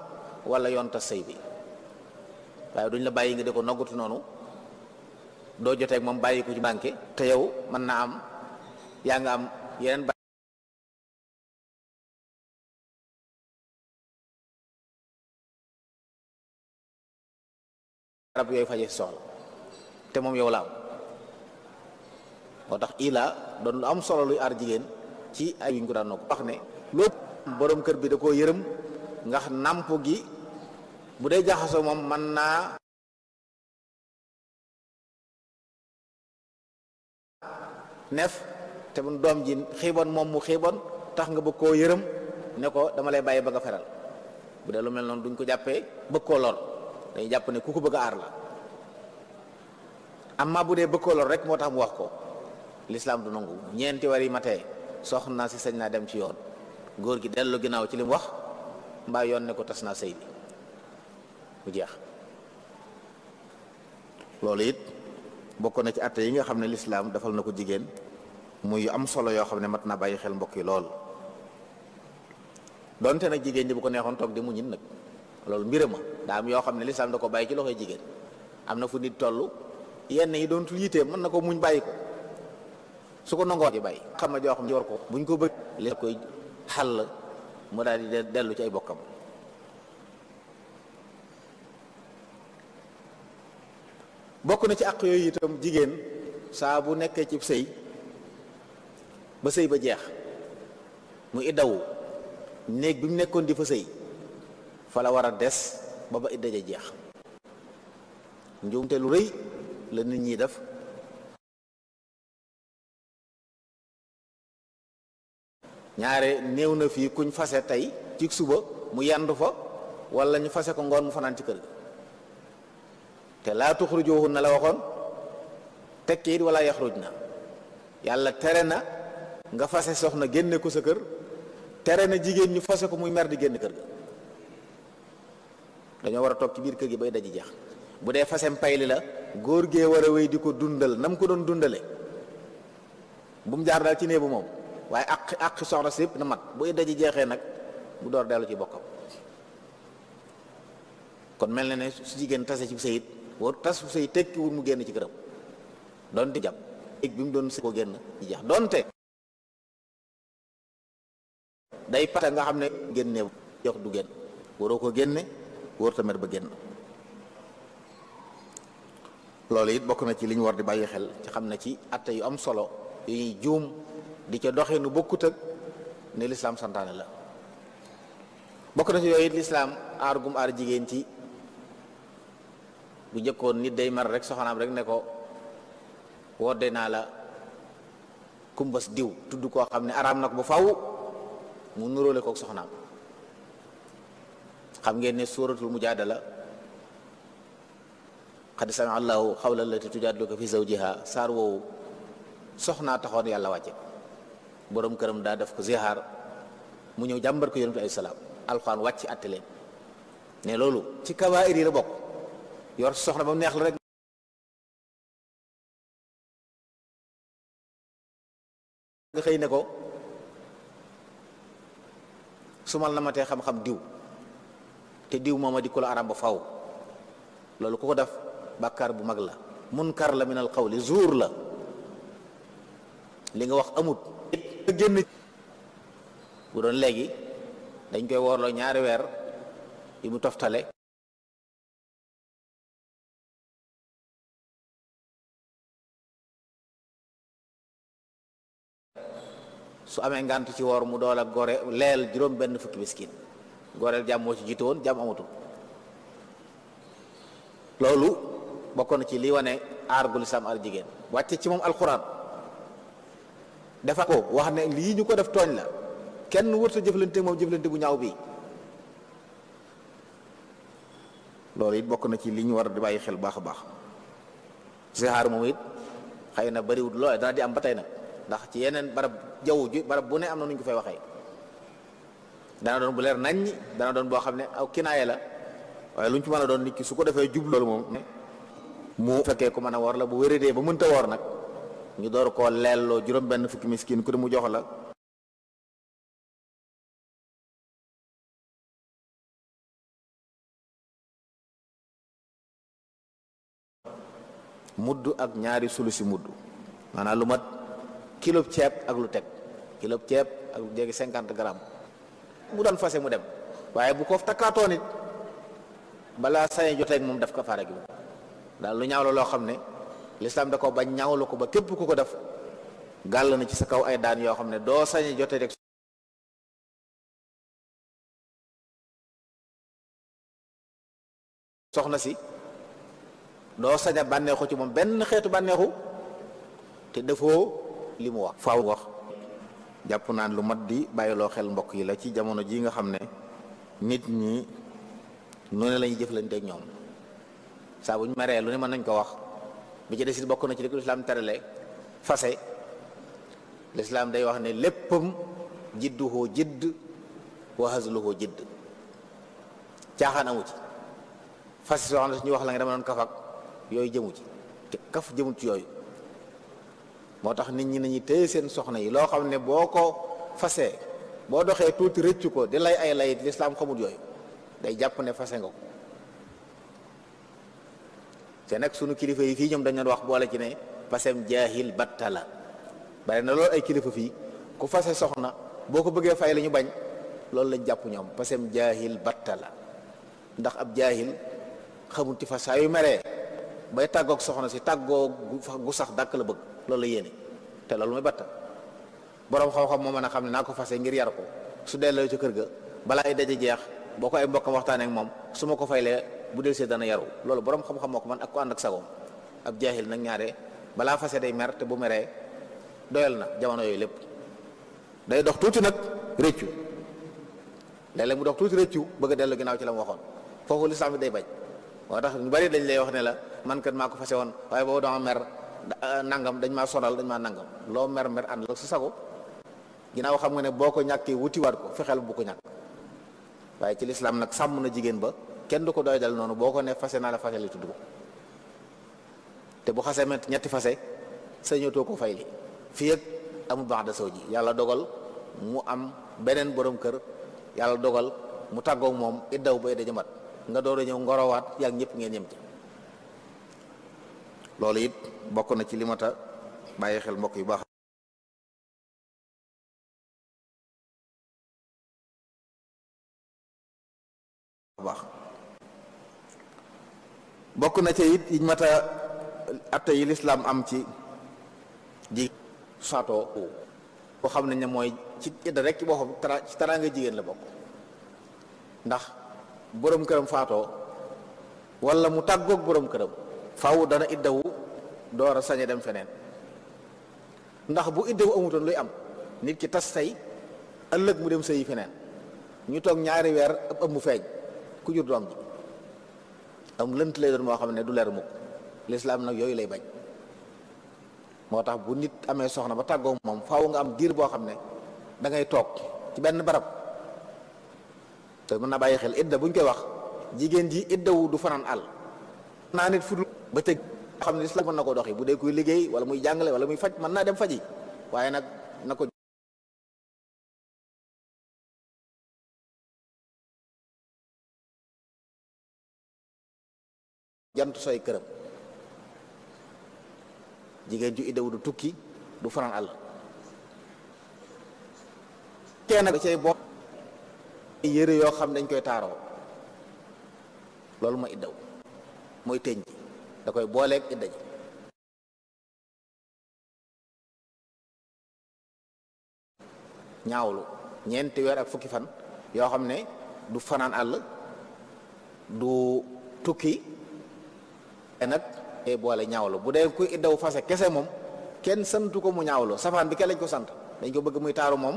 Speaker 1: wala yoon tas sëy bi waaye duñ la bàyyi nga di ko noggatu noonu doo joteeg moom bàyyi ci banque te yow mën naa am yaa nga am yeneen rab yooyu faje soxla te moom yow la am moo tax ilaa doon lu am solo luy aar jigéen ci ay yuñ ko daan ko wax ne loolu borom kër bi da koo yërëm ndax nàmp gi bu dee jaxasoo moom mën naa nef te mun doom ji xiibon moom mu xiibon tax nga bëgg koo yërëm ne ko dama lay bàyyi ba nga feral bu dee lu mel noonu duñ ko jàppee bëgg koo lor dañuy jàpp ne ku ko bëgg aar la amma bu dee bëggoo lor rek moo tax mu wax ko lislaam du nangu ñeenti war yi matee soxna si sañ naa dem ci yoon góor gi dellu ginnaaw ci lim wax mbaa yoon ne ko tas naa sëy bi mu jeex loolu it bokkoon na ci àtte yi nga xam ne lislaam defal na ko jigéen muy am solo yoo xam ne mat naa bàyyi xel mbokk yi lool donte nag jigéen ñi bu ko neexoon toog di mu ñin nag loolu mbirama daa am yoo xam ne lislaam da ko bàyyi ci loxoy jigéen am na fu nit toll yenn yi doon tul yitee mën na ko muñ bàyyi ko su ko nangoo di bàyyi xam na joo xam ko buñ ko bëgg li koy mu daal di dellu ci ay bokkam bokk na ci àq yooyu itam jigéen saa bu nekkee ci sëy ba sëy ba jeex mu iddawu néeg bi mu nekkoon di fa sëy fa la war a des ba ba idda ja jeex njuumte lu rëy la nit ñi def ñaare néew na fii kuñ fase tey ci suba mu yandu fa wala ñu fase ko ngoon mu fanaan ci kër ga te laa tuxrujuhun na la waxoon tekki it wala yaxruj na yàlla tere na nga fase soxna génne ko sa kër tere na jigéen ñu fase ko muy mer di génn kër ga dañoo war a toog ci biir kër gi bay daji jeex bu dee fasem payli la góor gee war a wéy di ko dundal nam ko doon dundale bu jaar dal ci néegu moom waaye àq àq soxna si yëpp na mat booy daji jeexee nag bu door dellu ci bokkam kon mel na ne su jigéen tase ci sëyit war tas sëyit tekkiwul mu génn ci këram donte jàpp éeg bi mu doon sëy koo génn ci jeex donte day pata nga xam ne génne jox du génn waroo ko génne wóor ta ba génn loolu it bokk na ci liñ ñu war di bàyyi xel ci xam na ci atte yu am solo yu ñuy juum di ca doxe nu bokkut ak ne lislaam santaane la bokk na ci yooyu it lislaam aar gum aar jigéen ci bu njëkkoon nit day mar rek soxnaam rek ne ko wodde naa la kumbas diw tudd koo xam ne araam na ko ba faw mu nuróole kook soxnaam xam ngeen ne suuratul mujaadala xad sami allahu xawla allati tujaadiluka fi zawjiha saar woowu soxnaa taxoon yàlla wàcce boroom këram daa def ko zihaar mu ñëw jàmbar ko yonent ay salaam alxuraan wàcc àtte leen ne loolu ci kabaa'ir yi la bokk yor soxna ba mu neex la rek xëy ne ko sumal na ma tee diw te diw mooma di ko la araam ba faw loolu ku ko def bàkkaar bu mag la munkar la min al qawli zuur la li nga wax amut génn bu doon léegi dañ koy woorloo ñaari weer yi mu toftale su amee ngànt ci woor mu dool ak gore leel juróom benn fukki miskin goreel jàmm moo ci jiitu woon jàmm amatul loolu bokk na ci li wane aar gu lislaam aar jigéen wàcce ci moom alxuraan defako wax ne lii ñu ko def tooñ la kenn wërta jëflante moom jëflante bu ñaaw bi loolu yit bokk na ci li ñu war di bàyyi xel baax a baax zihar moom it xëy na bariwut lool dana di am ba tey nag ndax ci yeneen barab jaww ji barab bu ne am na nu ñu ko fay waxee dana doon bu leer naññ dana doon boo xam ne aw kinaaye la waaye lu ci mën doon nit su ko defee jub loolu moom mu fekkee ku man a woor la bu wéradee ba mënta wor nag ñu door koo leelloo juróom benn fukki miskin ku di mu jox la mudd ak ñaari sulu si mudd maanaam lu mat kilo ceeb ak lu teg kilo ceeb ak lu jege cinquante grammes mu doon fase mu dem waaye bu ko takkaatoon it balaa sañe jotee moom daf kafaara gi moom daal lu ñaaw loo xam ne lislaam da ko ba ñaawlu ko ba képp ku ko def gàll na ci sa kaw ay daan yoo xam ne doo sañe jotee rek soxna si doo sañ a bànneexu ci moom benn xeetu bànneexu te defoo li mu wax faaw wax jàpp naan lu mat di bàyyiloo xel mbokk yi la ci jamono ji nga xam ne nit ñi noonu la ñuy jëflanteeg ñoom saa bu ñu maree lu ne mën nañ ko wax bi ci des it bokk na ci li ko lislaam terale fase lislaam day wax ne léppam jidduhoo jidd wa hazluhoo jidd caaxaan amu ci fase soo xam ne suñu wax la nga dama doon kafak yooyu jëmu ci te kaf jëmu ci yooyu moo tax nit ñi nañu téye seen soxna yi loo xam ne boo ko fasee boo doxee tuuti rëccu ko di lay ay lay lislaam xamut yooyu day jàpp ne fase nga ko te nag sunu kilifa yi fii ñoom dañoo wax boole ci ne fasem jaahil batta la bare na loolu ay kilifa fii ku fase soxna boo ko bëggee fay la ñu bañ loolu lañ jàpp ñoom fasem jaahil batta la ndax ab jaahil xamul ci fa saa yu meree bay tàggook soxna si tàggoo gu sax dàkk la bëgg loolu la yéene te loolu mooy battal borom xam-xam moo mën a xam ne naa ko fase ngir yar ko su delloo ca kër ga balaa ay daje jeex boo ko ay mbokkam waxtaanee moom su ma ko faylee bu del see dana yaru loolu borom xam-xam moo ko man ak ko ànd ak sagoom ab jaahil nag ñaare balaa fase day mer te bu meree doyal na jamono yooyu lépp day dox tuuti nag rëccu léeg-léeg mu dox tuuti rëccu bëgg a dellu ginnaaw ci la mu waxoon foofu lislaam bi day bañ moo tax ñu wax ne la man kat maa ko fase Euh, nangam dañ maa sonal dañ ma nangam loo mer mer ànd la sa sago ginnaaw xam nga ne boo ko ñàkkee wutiwaat ko fexeel bu ko ñàkk waaye ci lislaam nag sàmm na jigéen ba kenn du ko doy dal noonu boo ko ne fase naa la fase li tudd ko te bu xasee met ñetti fase sañatoo ko fay li fii ak amul baax da sow ji yàlla dogal mu am beneen borom kër yàlla dogal mu tàggook moom iddaw ba idda jëmat nga door a ñëw ngorowaat yaa ngi ñëpp ngeen yem ci loolu it bokk na ci limata mata xel mbokk yu baax bokk na ca it yiñ mata atte yi lislaam am ci ji saatoo ko xam ne ne mooy ci idda rek ci boppam ci taraanga jigéen la bokk ndax boroom këram faatoo wala mu tàggoog boroom këram faw dana iddawu door a sañ dem feneen ndax bu idda bu amutoon luy am nit ki tas sey ëllëg mu dem sëyi feneen ñu toog ñaari weer ab ëmb feeñ ku jur doom ji am lënt lay doon moo xam ne du leer mukk lislaam nag yooyu lay bañ moo tax bu nit amee soxna ba tàggoo moom faaw nga am diir boo xam ne dangay toog ci benn barab te mën na bàyyi xel idda buñ koy wax jigéen ji iddawu du fanaan àll naa nit fu ba tëgg xam ne islam mën na ko doxi bu dee kuy liggéey wala muy jàngale wala muy faj man naa dem faji waaye nag na ko jant sooy këram jigéen ju idewu du tukki du fanaan àll tee nag cay bopp yére yoo xam dañ koy taaroo loolu ma iddaw mooy teñ ji da koy booleeg idda ji ñaawlu ñeenti weer ak fukki fan yoo xam ne du fanaan àll du tukki te nag day boole ñaawlu bu dee kuy iddaw fase kese moom kenn santu ko mu ñaawlu safaan bi kenn lañ ko sant dañ ko bëgg muy taaru moom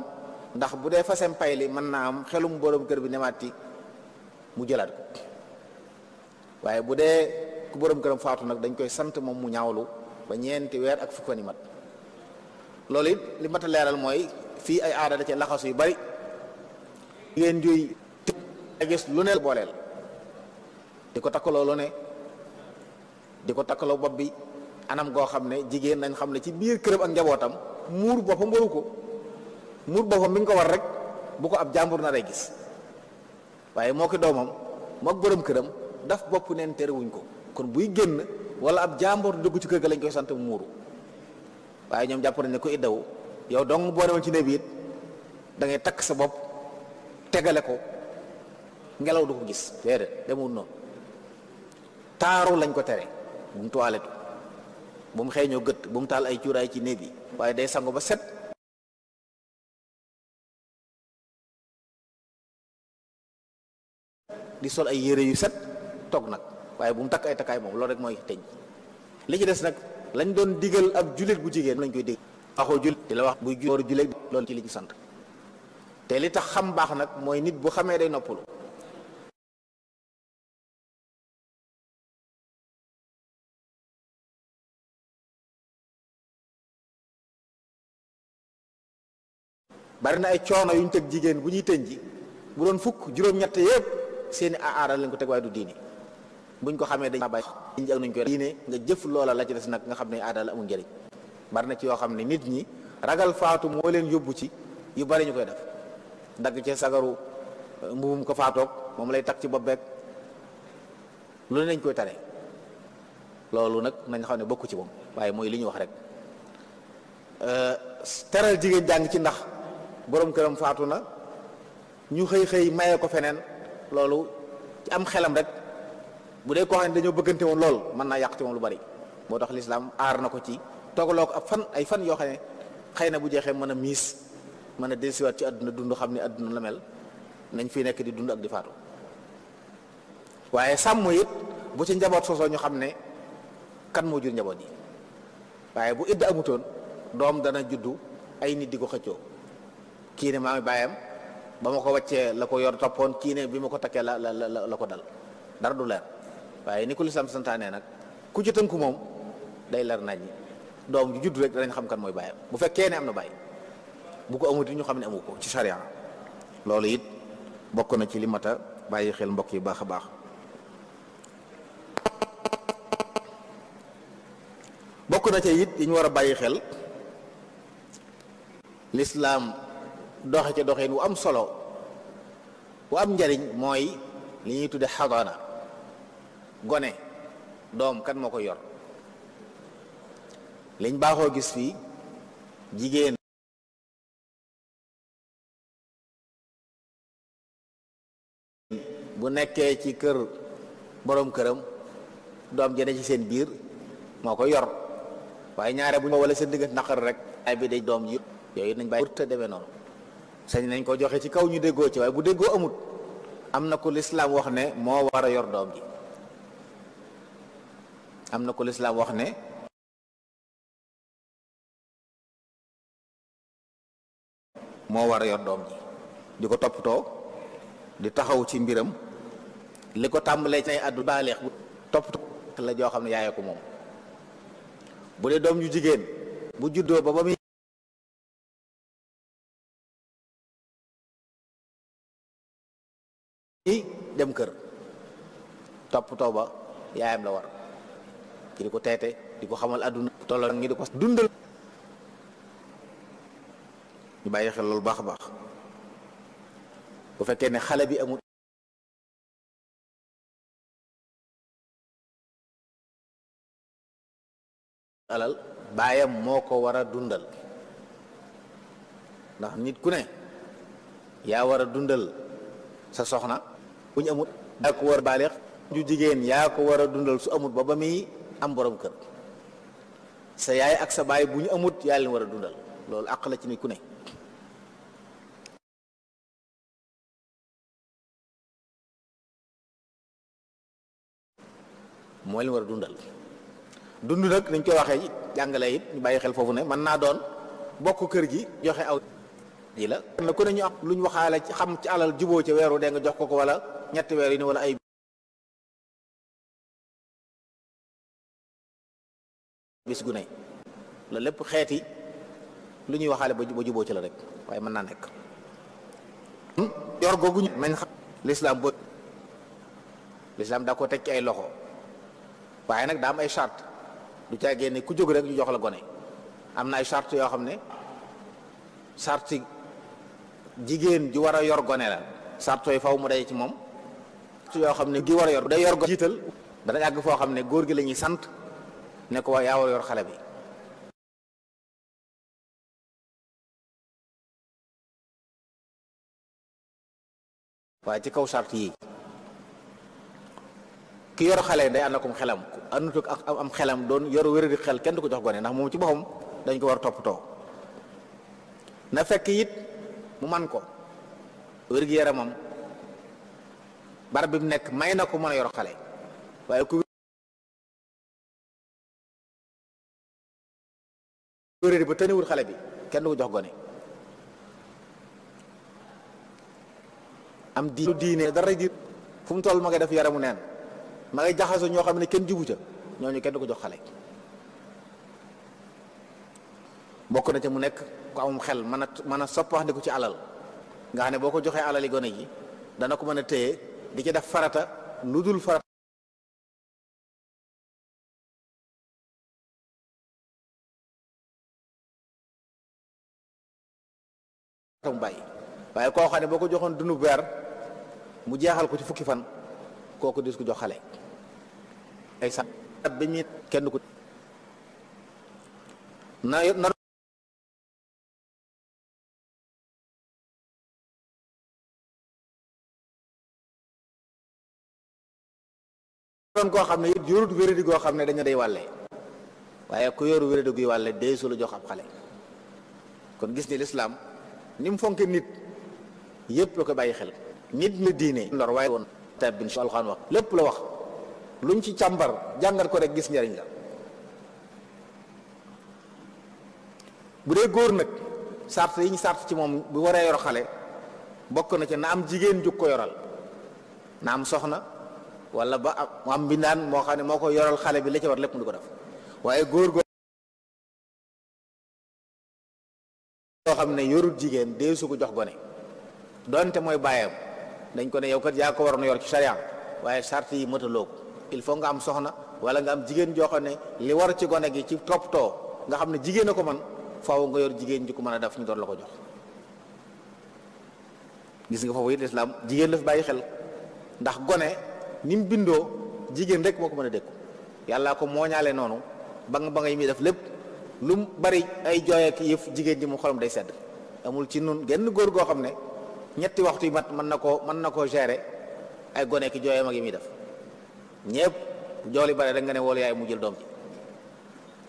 Speaker 1: ndax bu dee fasem pay li mën naa am xelum borom kër bi nemaati mu jëlaat ko waaye bu dee ku borom këram faatu nag dañ koy sant moom mu ñaawlu ba ñeenti weer ak fukk ni mat loolu it li mat leeral mooy fii ay aada da cee laxasu yu bari jigéen juy gis lu ne booleel di ko takkaloo lu ne di ko takkaloo bopp bi anam goo xam ne jigéen nañ xam ne ci biir këram ak njabootam muur boppam waru ko muur boppam nga ko war rek bu ko ab jàmbur na day gis waaye moo ko doomam mook borom këram daf bopp neen terewuñ ko kon buy génn wala ab jàmbur dugg ci kër gi lañ koy sant mu muuru waaye ñoom jàpp nañ ne yow dong boo demoon ci néeg bi it takk sa bopp tegale ko ngelaw du ko gis déedéet demul noonu taaru lañ ko tere bu mu toilette bu mu xeeñoo taal ay cuuraay ci néeg yi waaye day sangu ba set
Speaker 2: di sol ay yére yu set
Speaker 1: toog nag waaye bu mu takk ay takkaay moom loolu rek mooy teñ li ci des nag lañ doon diggal ab jullit bu jigéen lañ koy dig axoo jullit di wax buy war jullit loolu ci liñ sant te li tax xam baax nag mooy nit bu xamee day noppalu
Speaker 2: bari na ay coono yu ñu
Speaker 1: teg jigéen bu ñuy tëñ ji bu doon fukk juróom-ñett yëpp seeni aara lañ ko teg waaye du diini buñ ko xamee dañ bàyyi ak nuñ koy ne nga jëf loola la des nag nga xam ne aada la amul njëriñ bari na ci yoo xam ne nit ñi ragal faatu moo leen yóbbu ci yu bari ñu koy def dagg ci sagaru euh, mbubum ko faatoog moom lay takk ci bopp beeg lu ne nañ koy tare loolu nag nañ xam ne bokku ci moom waaye mooy li ñu wax rek euh, teral jigéen jàng ci ndax boroom këram faatu na ñu xëy xëy maye ko feneen loolu ci am xelam rek bu dee koo xam dañoo bëggante woon lool mën naa yàq moom lu bari moo tax lislaam aar na ko ci toogaloo ko ab fan ay fan yoo xam ne xëy na bu jeexee mën a miis mën a dellusiwaat ci àdduna dund xam ne àdduna la mel nañ fi nekk di dund ak di faatu waaye sàmm it bu ci njaboot soosoo ñu xam ne kan moo jur njaboot yi waaye bu idda amutoon doom dana juddu ay nit di ko xëccoo kii ne maa ngi bàyyam ba ma ko waccee la ko yor toppoon kii bi ma ko takkee la la ko dal dara du leer. waaye ni ko lislaam santaanee nag ku ci tënku moom day leer nañ doom ju judd rek danañ xam kan mooy baayam bu fekkee ne am na baay bu ko amut ñu xam ne amu ko ci charia loolu it bokk na ci limata bàyyi xel mbokk yi baax a baax bokk na ci it yi ñu war a bàyyi xel lislaam doxe ca doxeen wu am solo wu am njariñ mooy li ñuy tudde xadana gone doom kan moo ko yor liñ baaxoo gis fii jigéen bu nekkee ci kër boroom këram doom jene ci seen biir moo ko yor waaye ñaare bu ñu wala seen diggante naqar rek ay bi day doom yi yooyu nañ bàyyi te demee noonu sañ nañ ko joxe ci kaw ñu déggoo ci waaye bu déggoo amut am na ko lislaam wax ne moo war a yor doom ji am na ko lislaam wax ne
Speaker 2: moo war a yor doom ji
Speaker 1: di ko toppatoo di taxaw ci mbiram li ko tàmbalee ci ay addu baaleex bu toppatoo la joo xam ne yaayee ko moom bu dee doom ju
Speaker 2: jigéen bu juddoo ba ba muy
Speaker 1: dem kër toppatoo ba yaayam la war ki di ko teete di ko xamal àdduna tolloon ngi di ko dundal ñu bàyyi loolu baax a baax bu fekkee ne xale bi amul alal baayam moo ko war a dundal ndax nit ku ne yaa war a dundal sa soxna bu ñu amut yaa ko war a baaleex ju jigéen yaa ko war a dundal su amut ba ba am borom kër sa yaay ak sa baay bu ñu amut yaa leen war a dundal loolu àq la ci ni ku ne moo leen war a dundal dund nag nañ koy waxee jàngale it ñu bàyyi xel foofu ne mën naa doon bokk kër gi joxe aw yi la na ku ñu am lu ñu waxaale ci xam ci alal juboo ca weeru dee nga jox ko ko wala ñetti weer yi ni wala ay gis gu ne la lépp xeeti lu ñuy waxaale ba juboo ci la rek waaye mën naa nekk hmm? yor googu ñu nañ xam lislaam daa ko teg ci ay loxo waaye nag daam am ay charte du caagee ne ku jóg rek ñu jox la gone am na ay charte yoo xam ne charte jigéen ju war a yor gone la charte yi faw mu day ci moom yoo xam ne gi war a yor day yor gone jiital danañ àgg foo xam ne góor gi la sant ne ko waa yaa war yor xale bi waaye ci kaw sart yi ki yor xale day ànd akum xelam àndut xelam doon yor wér xel kenn du ko jox gone ndax moom ci boppam dañ ko war a toppatoo na fekk it mu man ko wér gi yaramam barab bi mu nekk may na ko mën a yor xale waaye ku wéradi ba tëniwul xale bi kenn du ko jox gone am diine diine dara ji fu mu toll ma ngay def yaramu neen ma ngay jaxaso ñoo xam ne kenn jubu ca ñooñu kenn du ko jox xale bokk na ca mu nekk ku amum xel mën a mën a soppandiku ci alal nga xam ne boo ko joxee alali gone yi dana ko mën a téye di ci def farata lu dul farata
Speaker 2: mu waaye
Speaker 1: koo xam boo ko joxoon dunu weer jeexal ko ci fukki fan kooku dis ko jox xale doon koo xam ne it yorut wéradi goo xam ne dañu day wàlle waaye ku yoru wéradi guy wàlle day jox ab xale kon gis ni lislaam ni mu fonke nit yépp la ko bàyyi xel nit la diine ndor waaye woon tàbbin si alxaan wax lépp la wax lu luñ ci càmbar jàngal ko rek gis njariñ la bu dee góor nag sart yi ñu sart ci moom bu waree yor xale bokk na ci na am jigéen ju ko yoral na am soxna wala ba am mbindaan moo xam ne moo ko yoral xale bi la ci lépp mu di ko def waaye góor am ne yorut jigéen dee su ko jox gone donte mooy bàyyam dañ ko ne yow kat yaa ko waroon yor ci sharia waaye sart yi mëtaloo ko il faut nga am soxna wala nga am jigéen joo xam ne li war ci gone gi ci toppatoo nga xam ne jigéen a ko man faaw nga yor jigéen ji ko mën a def ñu doon la ko jox gis nga foofu it lislaam jigéen la fi bàyyi xel ndax gone ni mu bindoo jigéen rek moo ko mën a dékku yàllaa ko mooñaale noonu ba nga yi muy def lépp lu mu bari ay jooy yëpp jigéen ji mu xolam day sedd amul ci nun genn góor goo xam ne ñetti waxtu yi mat mën na koo mën na koo gérer ay gone ki jooyam yi muy def ñëpp jooli bare rek nga ne woolu yaay mu jël doom ji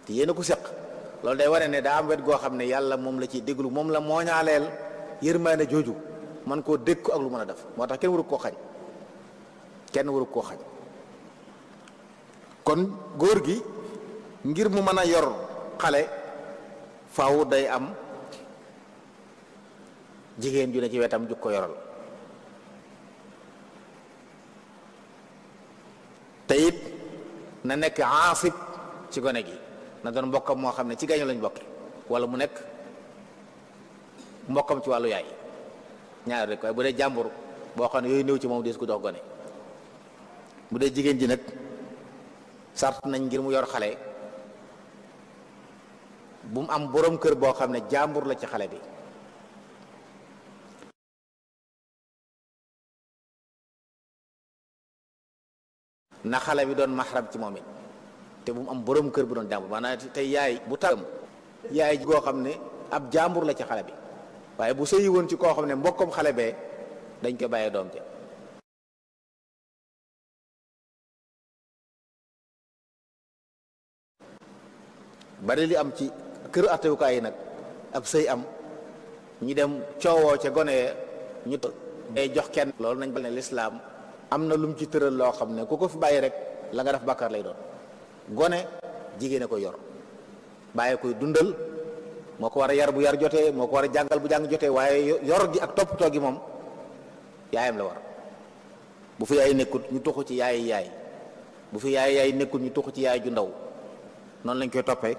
Speaker 1: te yéen a ko seq loolu day wane ne daa am wet goo xam ne yàlla moom la ciy déglu moom la mooñaaleel yërmaane jooju man koo dégg ko ak lu mën a def moo tax kenn waru koo xañ kenn waru koo xañ kon góor gi ngir mu mën a yor xale faaw day am jigéen ju ne ci wetam ju ko yoral te it na nekk aasib ci gone gi na doon mbokkam moo xam ne ci gañu lañ bokki wala mu nekk mbokkam ci wàllu yaay ñaar rek waaye bu dee jàmbur boo xam ne yooyu néew ci moom des ko dox gone bu dee jigéen ji nag sart nañ ngir mu yor xale bu mu am boroom kër boo xam ne jàmbur la ci xale bi na xale bi doon maxram ci moom it te bu mu am boroom kër bu doon jàmbur maanaam tey yaay bu tàggam yaay goo xam ne ab jàmbur la ci xale bi waaye bu sëyi woon ci koo xam ne mbokkom xale bee dañ ko bàyyee doom ja bari li am ci kër attewukaay yi nag ab sëy am ñu dem coowoo ca gone ñu day jox kenn loolu nañ bal ne lislaam am na lu mu ci tëral loo xam ne ku ko fi bàyyi rek la nga def bàkkaar lay doon gone jigéen a ko yor bàyyi koy dundal moo ko war a yar bu yar jotee moo ko war a jàngal bu jàng jotee waaye yor gi ak toppatoo gi moom yaayam la war bu fi yaay nekkut ñu tuxu ci yaay yaay bu fi yaay yaay nekkut ñu tuxu ci yaay ju ndaw noonu lañ koy toppee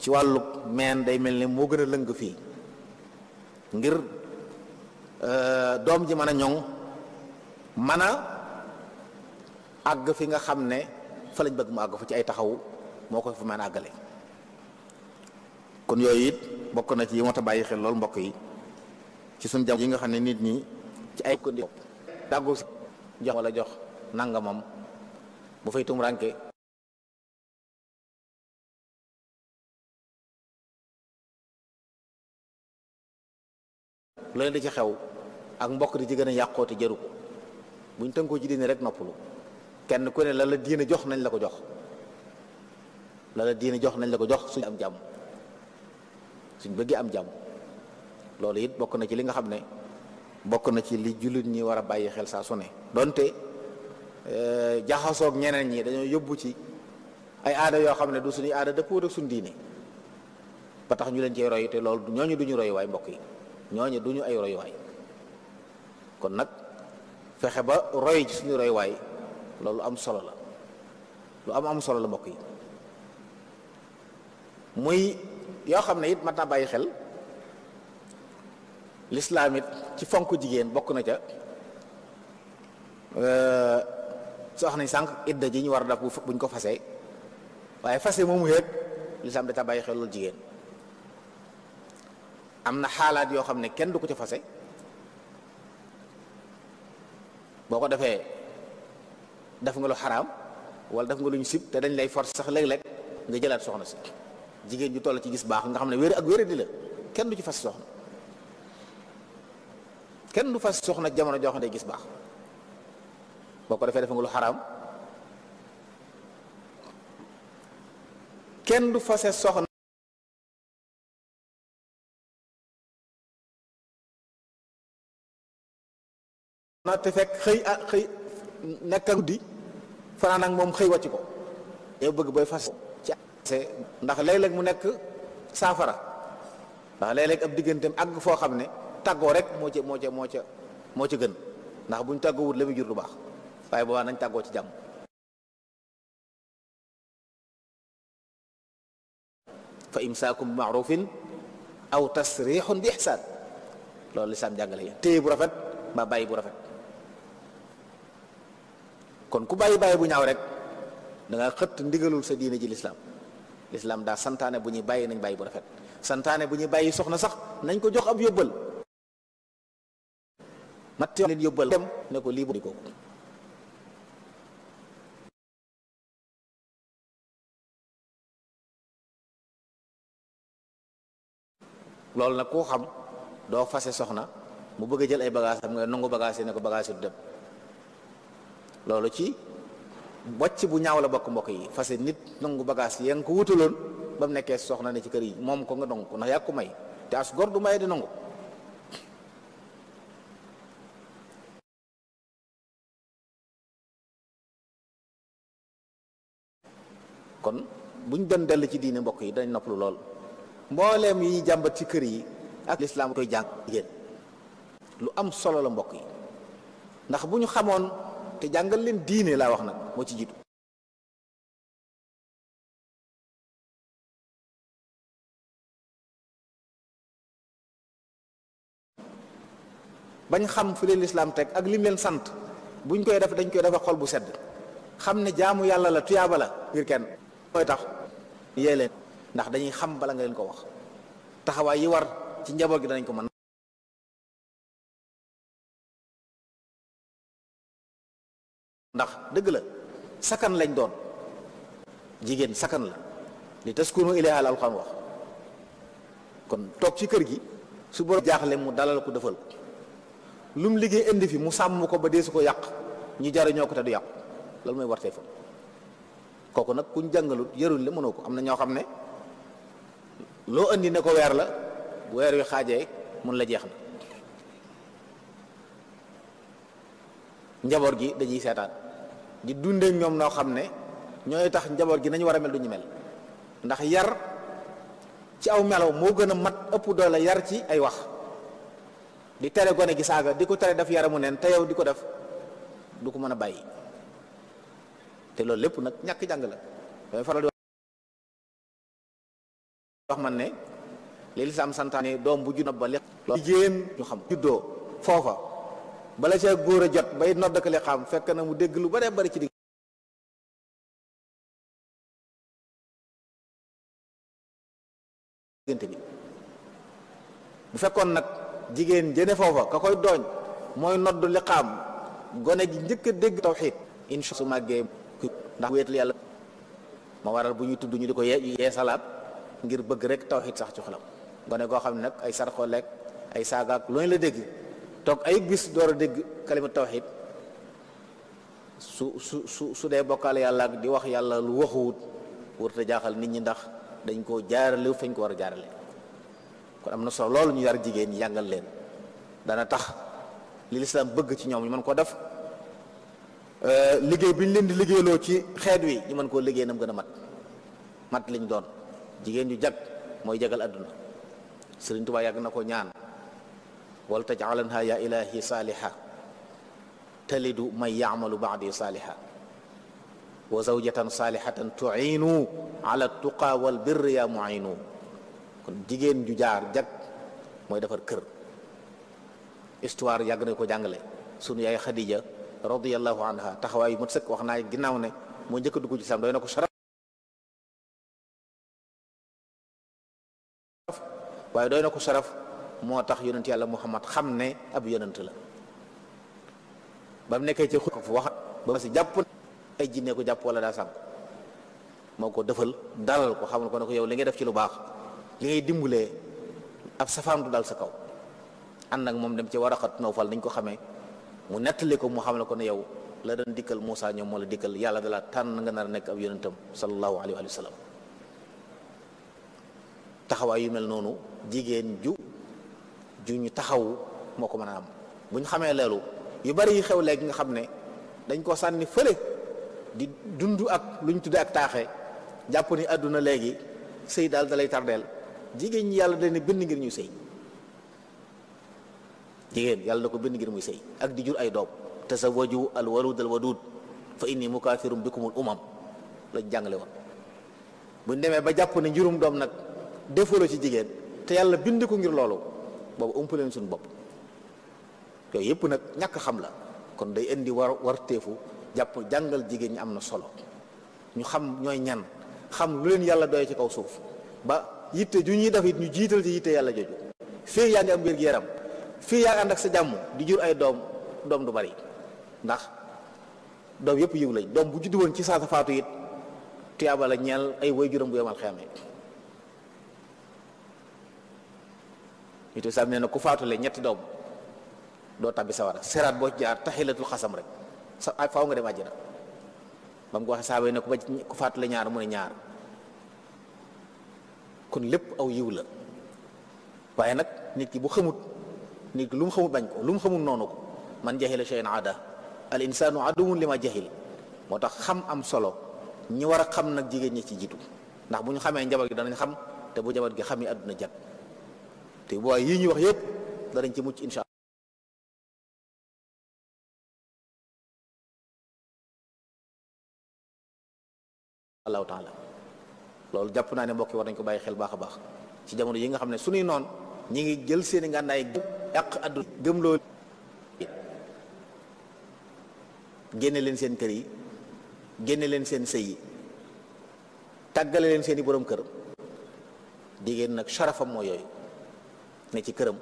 Speaker 1: ci wàllu meen day mel ni moo gën a lëng fii ngir euh, doom ji mën a ñoŋ mën a àgg fi nga xam ne fa lañ bëgg mu àgg fa ci ay taxaw moo ko fa mën àggale kon yooyu it bokk na ci yi moo tax bàyyi xel lool mbokk yi ci suñ jam yi nga xam ne nit ñi ci ay ko dàggu jox wala jox nangamam
Speaker 2: bu fay tum lu leen di ci xew
Speaker 1: ak mbokk di ci gën a yàqoote jaru ko buñ tënkoo ci diine rek noppalu kenn ku ne la la diine jox nañ la ko jox la la diine jox nañ la ko jox suñ am jàmm suñ bëggee am jàmm loolu it bokk na ci li nga xam ne bokk na ci li jullit ñi war a bàyyi xel saa su ne donte euh, jaxasoog ñeneen ñi dañoo yóbbu ci ay aada yoo xam ne du suñuy aada dëppoo ak suñu diine ba tax ñu leen cee roy te loolu ñooñu du ñu roy waaye mbokk yi ñooñu du ñu ay royuwaay kon nag fexe ba roy ci suñu royuwaay loolu am solo la lu am am solo la mbokk yi muy yoo xam ne it mat na bàyyi xel lislaam it ci fonk jigéen bokk na ca euh, soo xam ne sànq idda ji ñu war a daf buñ ko fase waaye fase moomu yëpp lislaam da ta bàyyi xel loolu jigéen am na xaalaat yoo xam ne kenn du ko ca fase boo ko defee def nga lu xaraam wala def nga lu ñu sib te dañ lay force sax léeg-léeg nga jëlaat soxna si jigéen ju toll ci gis baax nga xam ne wér ak wér di la kenn du ci fas soxna kenn du fas soxna jamono joo xam ne gis baax boo ko defee def nga lu xaraam kenn du fase soxna na te fekk xëy ah xëy nekk ak guddi fanaan moom xëy wàcc ko yow bëgg booy fas ci ndax léeg-léeg mu nekk saafara ndax léeg-léeg ab digganteem àgg foo xam ne tàggoo rek moo ca moo ca moo ca moo ca gën ndax buñ ñu tàggoo wut la muy jur lu baax waaye boobaa nañ tàggoo ci jàmm fa imsaakum bi maarufin aw tasrixun bi ixsaan loolu lislaam jàngale yi téye bu rafet mbaa bàyyi bu rafet kon ku bàyyi bàyyi bu ñaaw rek da xëtt ndigalul sa diine ji lislaam lislaam daa santaane bu ñuy bàyyi nañ bàyyi bu rafet santaane bu ñuy bàyyi soxna sax nañ ko jox ab yóbbal mat leen yóbbal dem ne ko lii bu di ko loolu nag koo xam doo fase soxna mu bëgg a jël ay bagages am nga nangu bagages yi ne ko bagages yi dem loolu ci wàcc bu ñaaw la bokk mbokk yi fase nit nangu bagaas yaa ngi ko wutaloon ba mu nekkee soxna ne ci kër yi moom ko nga dong ko may te gor du may di nangu kon bu ñu doon dell ci diine mbokk yi dañ noppalu lool mbooleem yi jàmbat ci kër yi ak lislaam koy jàng jigéen lu am solo la mbokk yi ndax bu ñu xamoon te jàngal leen diine laa wax nag moo ci jiitu bañ xam fi leen lislaam teg ak lim leen sant buñ koy def dañ koy def xol bu sedd xam ne jaamu yàlla la tuyaaba la ngir kenn mooy tax yee leen ndax dañuy xam bala nga leen ko wax taxawaay yi war ci njaboot gi danañ ko mën ndax dëgg la sakkan lañ doon jigéen sakkan la li taskunu ilayha la alxuraan wax kon toog ci kër gi su borom jaaxle mu dalal ko defal ko liggéey indi fi mu sàmm ko ba dee su ko yàq ñu jariñoo ko te du yàqu loolu mooy wartee fa kooku nag kuñ jàngalut yarul la mënoo ko am na ñoo xam ne loo indi ne ko weer la bu weer wi xaajee mun la jeex na njaboot gi dañuy seetaan di dundee ñoom noo xam ne ñooy tax njaboot gi nañu war a mel du ñu mel ndax yar ci aw melow moo gën a mat ëpp doole yar ci ay wax di tere gone gi saaga di ko tere def yaramu neen te yaw di ko def du ko mën a bàyyi te loolu lépp nag ñàkk jàng la damay faral di wax man ne li lislaam santaane doom bu junna ba lekk jigéen ñu xam juddoo foofa bala caa góor a jot bay nodd ak liqaam fekk na mu dégg lu bare bari ci digg diggante bi bu fekkoon nag jigéen jëne foofa ka koy dooñ mooy nodd liqaam gone gi njëkk a dégg tawxiid incha su màggee ndax wéetal yàlla ma waral bu ñuy tudd ñu di ko yee salaat ngir bëgg rek tawxiid sax ci xolam gone goo xam ne nag ay sarxo ay saagaak looñu la dégg toog ay gis door a dégg kalima tawxid su su su su dee bokkaale yàlla ak di wax yàlla lu waxuwut wërta jaaxal nit ñi ndax dañ koo jaarale fañ ko war a jaarale kon am na solo loolu ñu yar jigéen yàngal leen dana tax li lislaam bëgg ci ñoom ñu mën koo def euh, liggéey bi ñu leen di liggéeyloo ci xeet wi ñu mën koo liggéey nam gën a mat mat liñ doon jigéen ñu jag mooy jagal àdduna Sëriñ Tuubaa yàgg na ko ñaan wal tajaalanha yaa ilahi saaliha talidu man yaamalu baadi saaliha wa zawjatan saalihatan tuinu ala tuqa wal birri yaa muinu kon jigéen ju jaar jag mooy defar kër histoire yàgg na ko jàngale sunu yaay Khadija radiyallahu anha taxawaay yu mat sëkk wax naa ginnaaw ne moo njëkk a dugg doy na ko sharaf moo tax yonent yàlla muhammad xam ne ab yonent la ba mu nekkee ci xut ko fu wax ba si jàpp ay jinne ko jàpp wala daa sànk moo ko defal dalal ko xamal ko ne ko yow li ngay def ci lu baax li ngay dimbulee ab safaan du sa kaw ànd ak moom dem ci waraxat nawfal nañ ko xame mu nettali ko mu xam xamal ko ne yow la doon dikkal Moussa ñoom moo la dikkal yàlla dala tànn nga nar a nekk ab yonentam sallallahu alayhi wa sallam taxawaay yu mel noonu jigéen ju ju ñu taxawu moo ko mën a am bu xamee leelu yu bari xew léegi nga xam ne dañ koo sànni fële di dund ak lu ñu tuddee ak taaxe jàpp ni àdduna léegi sëy daal dalay tardeel jigéen ñi yàlla dañ bind ngir ñuy sëy jigéen yàlla da ko bind ngir muy sëy ak di jur ay doom tasawaju al walud al wadud fa inni mukaafirum bikumul umam lañ jàngale woon buñ demee ba jàpp ne njurum doom nag defaloo ci jigéen te yàlla bind ko ngir loolu boobu ëmp leen suñu bopp yooyu yëpp nag ñàkk xam la kon day indi war war jàpp jàngal jigéen ñi am na solo ñu xam ñooy ñan xam lu leen yàlla doy ci kaw suuf ba yitte ju ñuy def it ñu jiital ci yitte yàlla jooju fii yaa ngi am wér-gu yaram fii yaa ngi ànd ak sa jàmm di jur ay doom doom du bari ndax doom yëpp yiw lañ doom bu juddu woon ci saa faatu yit tuyaaba la ñeel ay way juróom bu yemal xeame it saam nee na ku faatule ñetti doom doo tàbbi sawara seraat boo jaar taxilatul xasam rek sa faaw nga dem àjjana ba mu ko waxee saaba ne ku ba ku faatule ñaar mu ne ñaar kon lépp aw yiw la waaye nag nit ki bu xamut nit ki lu mu xamut bañ ko lu mu xamut noonu ko man jahila shay'an ada al insanu aduwwun li ma jahil moo tax xam am solo ñi war a xam nag jigéen ñi ci jiitu ndax bu ñu xamee njaboot gi danañ xam te bu njaboot gi xam xamee àdduna jat te bu waaye yii ñuy wax yëpp danañ ci mucc insha allahu taala loolu jàpp naa ne mbokk yi war nañ ko bàyyi xel baax a baax ci jamono yi nga xam ne suñuy noon ñi ngi jël seeni ngànnaay yàq àdduna gëmloo génne leen seen kër yi génne leen seen sëy yi tàggale leen seeni borom kër jigéen nag sharafam moo yooyu ne ci këram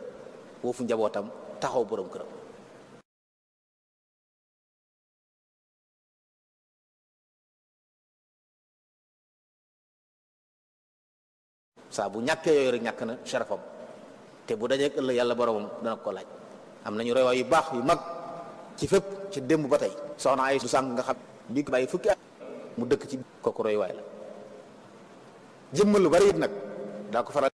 Speaker 1: woofu njabootam taxaw boroom këram saa bu ñàkkee yooyu rek ñàkk na sharafam te bu dajee ëllëg yàlla boromam dana ko laaj am nañu rewaay yu baax yu mag ci fépp ci démb ba tey soxna ay du sànq nga xam bi ko bàyyi fukki at mu dëkk ci kooku royuwaay la jëmmal lu bari it nag daa ko faral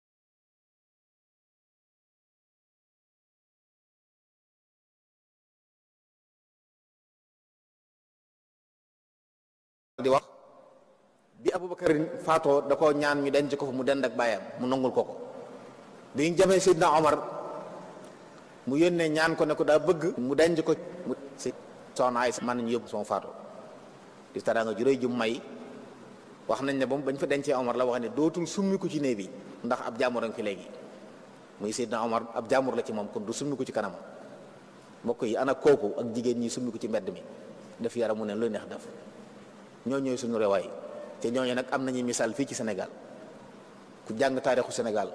Speaker 1: Aboubacar faatoo da koo ñaan ñu denc ko fa mu dend ak baayam mu nangul ko ko bi ñu jamee Seydina Omar mu yónnee ñaan ko ne ko daa bëgg mu denc ko mu si soxna Aysa mën nañu yóbbu sama faatoo di teraanga ju ju may wax nañ ne ba bañ fa dencee Omar la wax ne dootul summi ci néeg bi ndax ab jàmbur léegi muy Seydina Omar ab jàmbur la ci moom kon du summi ci kanam mbokk yi ana kooku ak jigéen ñi summi ci mbedd mi def mu ne lu neex def ñoo ñooy suñu rewaay te ñooñu nag am nañu misaal fii ci Sénégal ku jàng taarixu Sénégal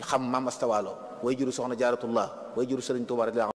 Speaker 1: xam maam Asta Waalo way juru soxna Jaaratullah way juru Sëriñ Tuubaa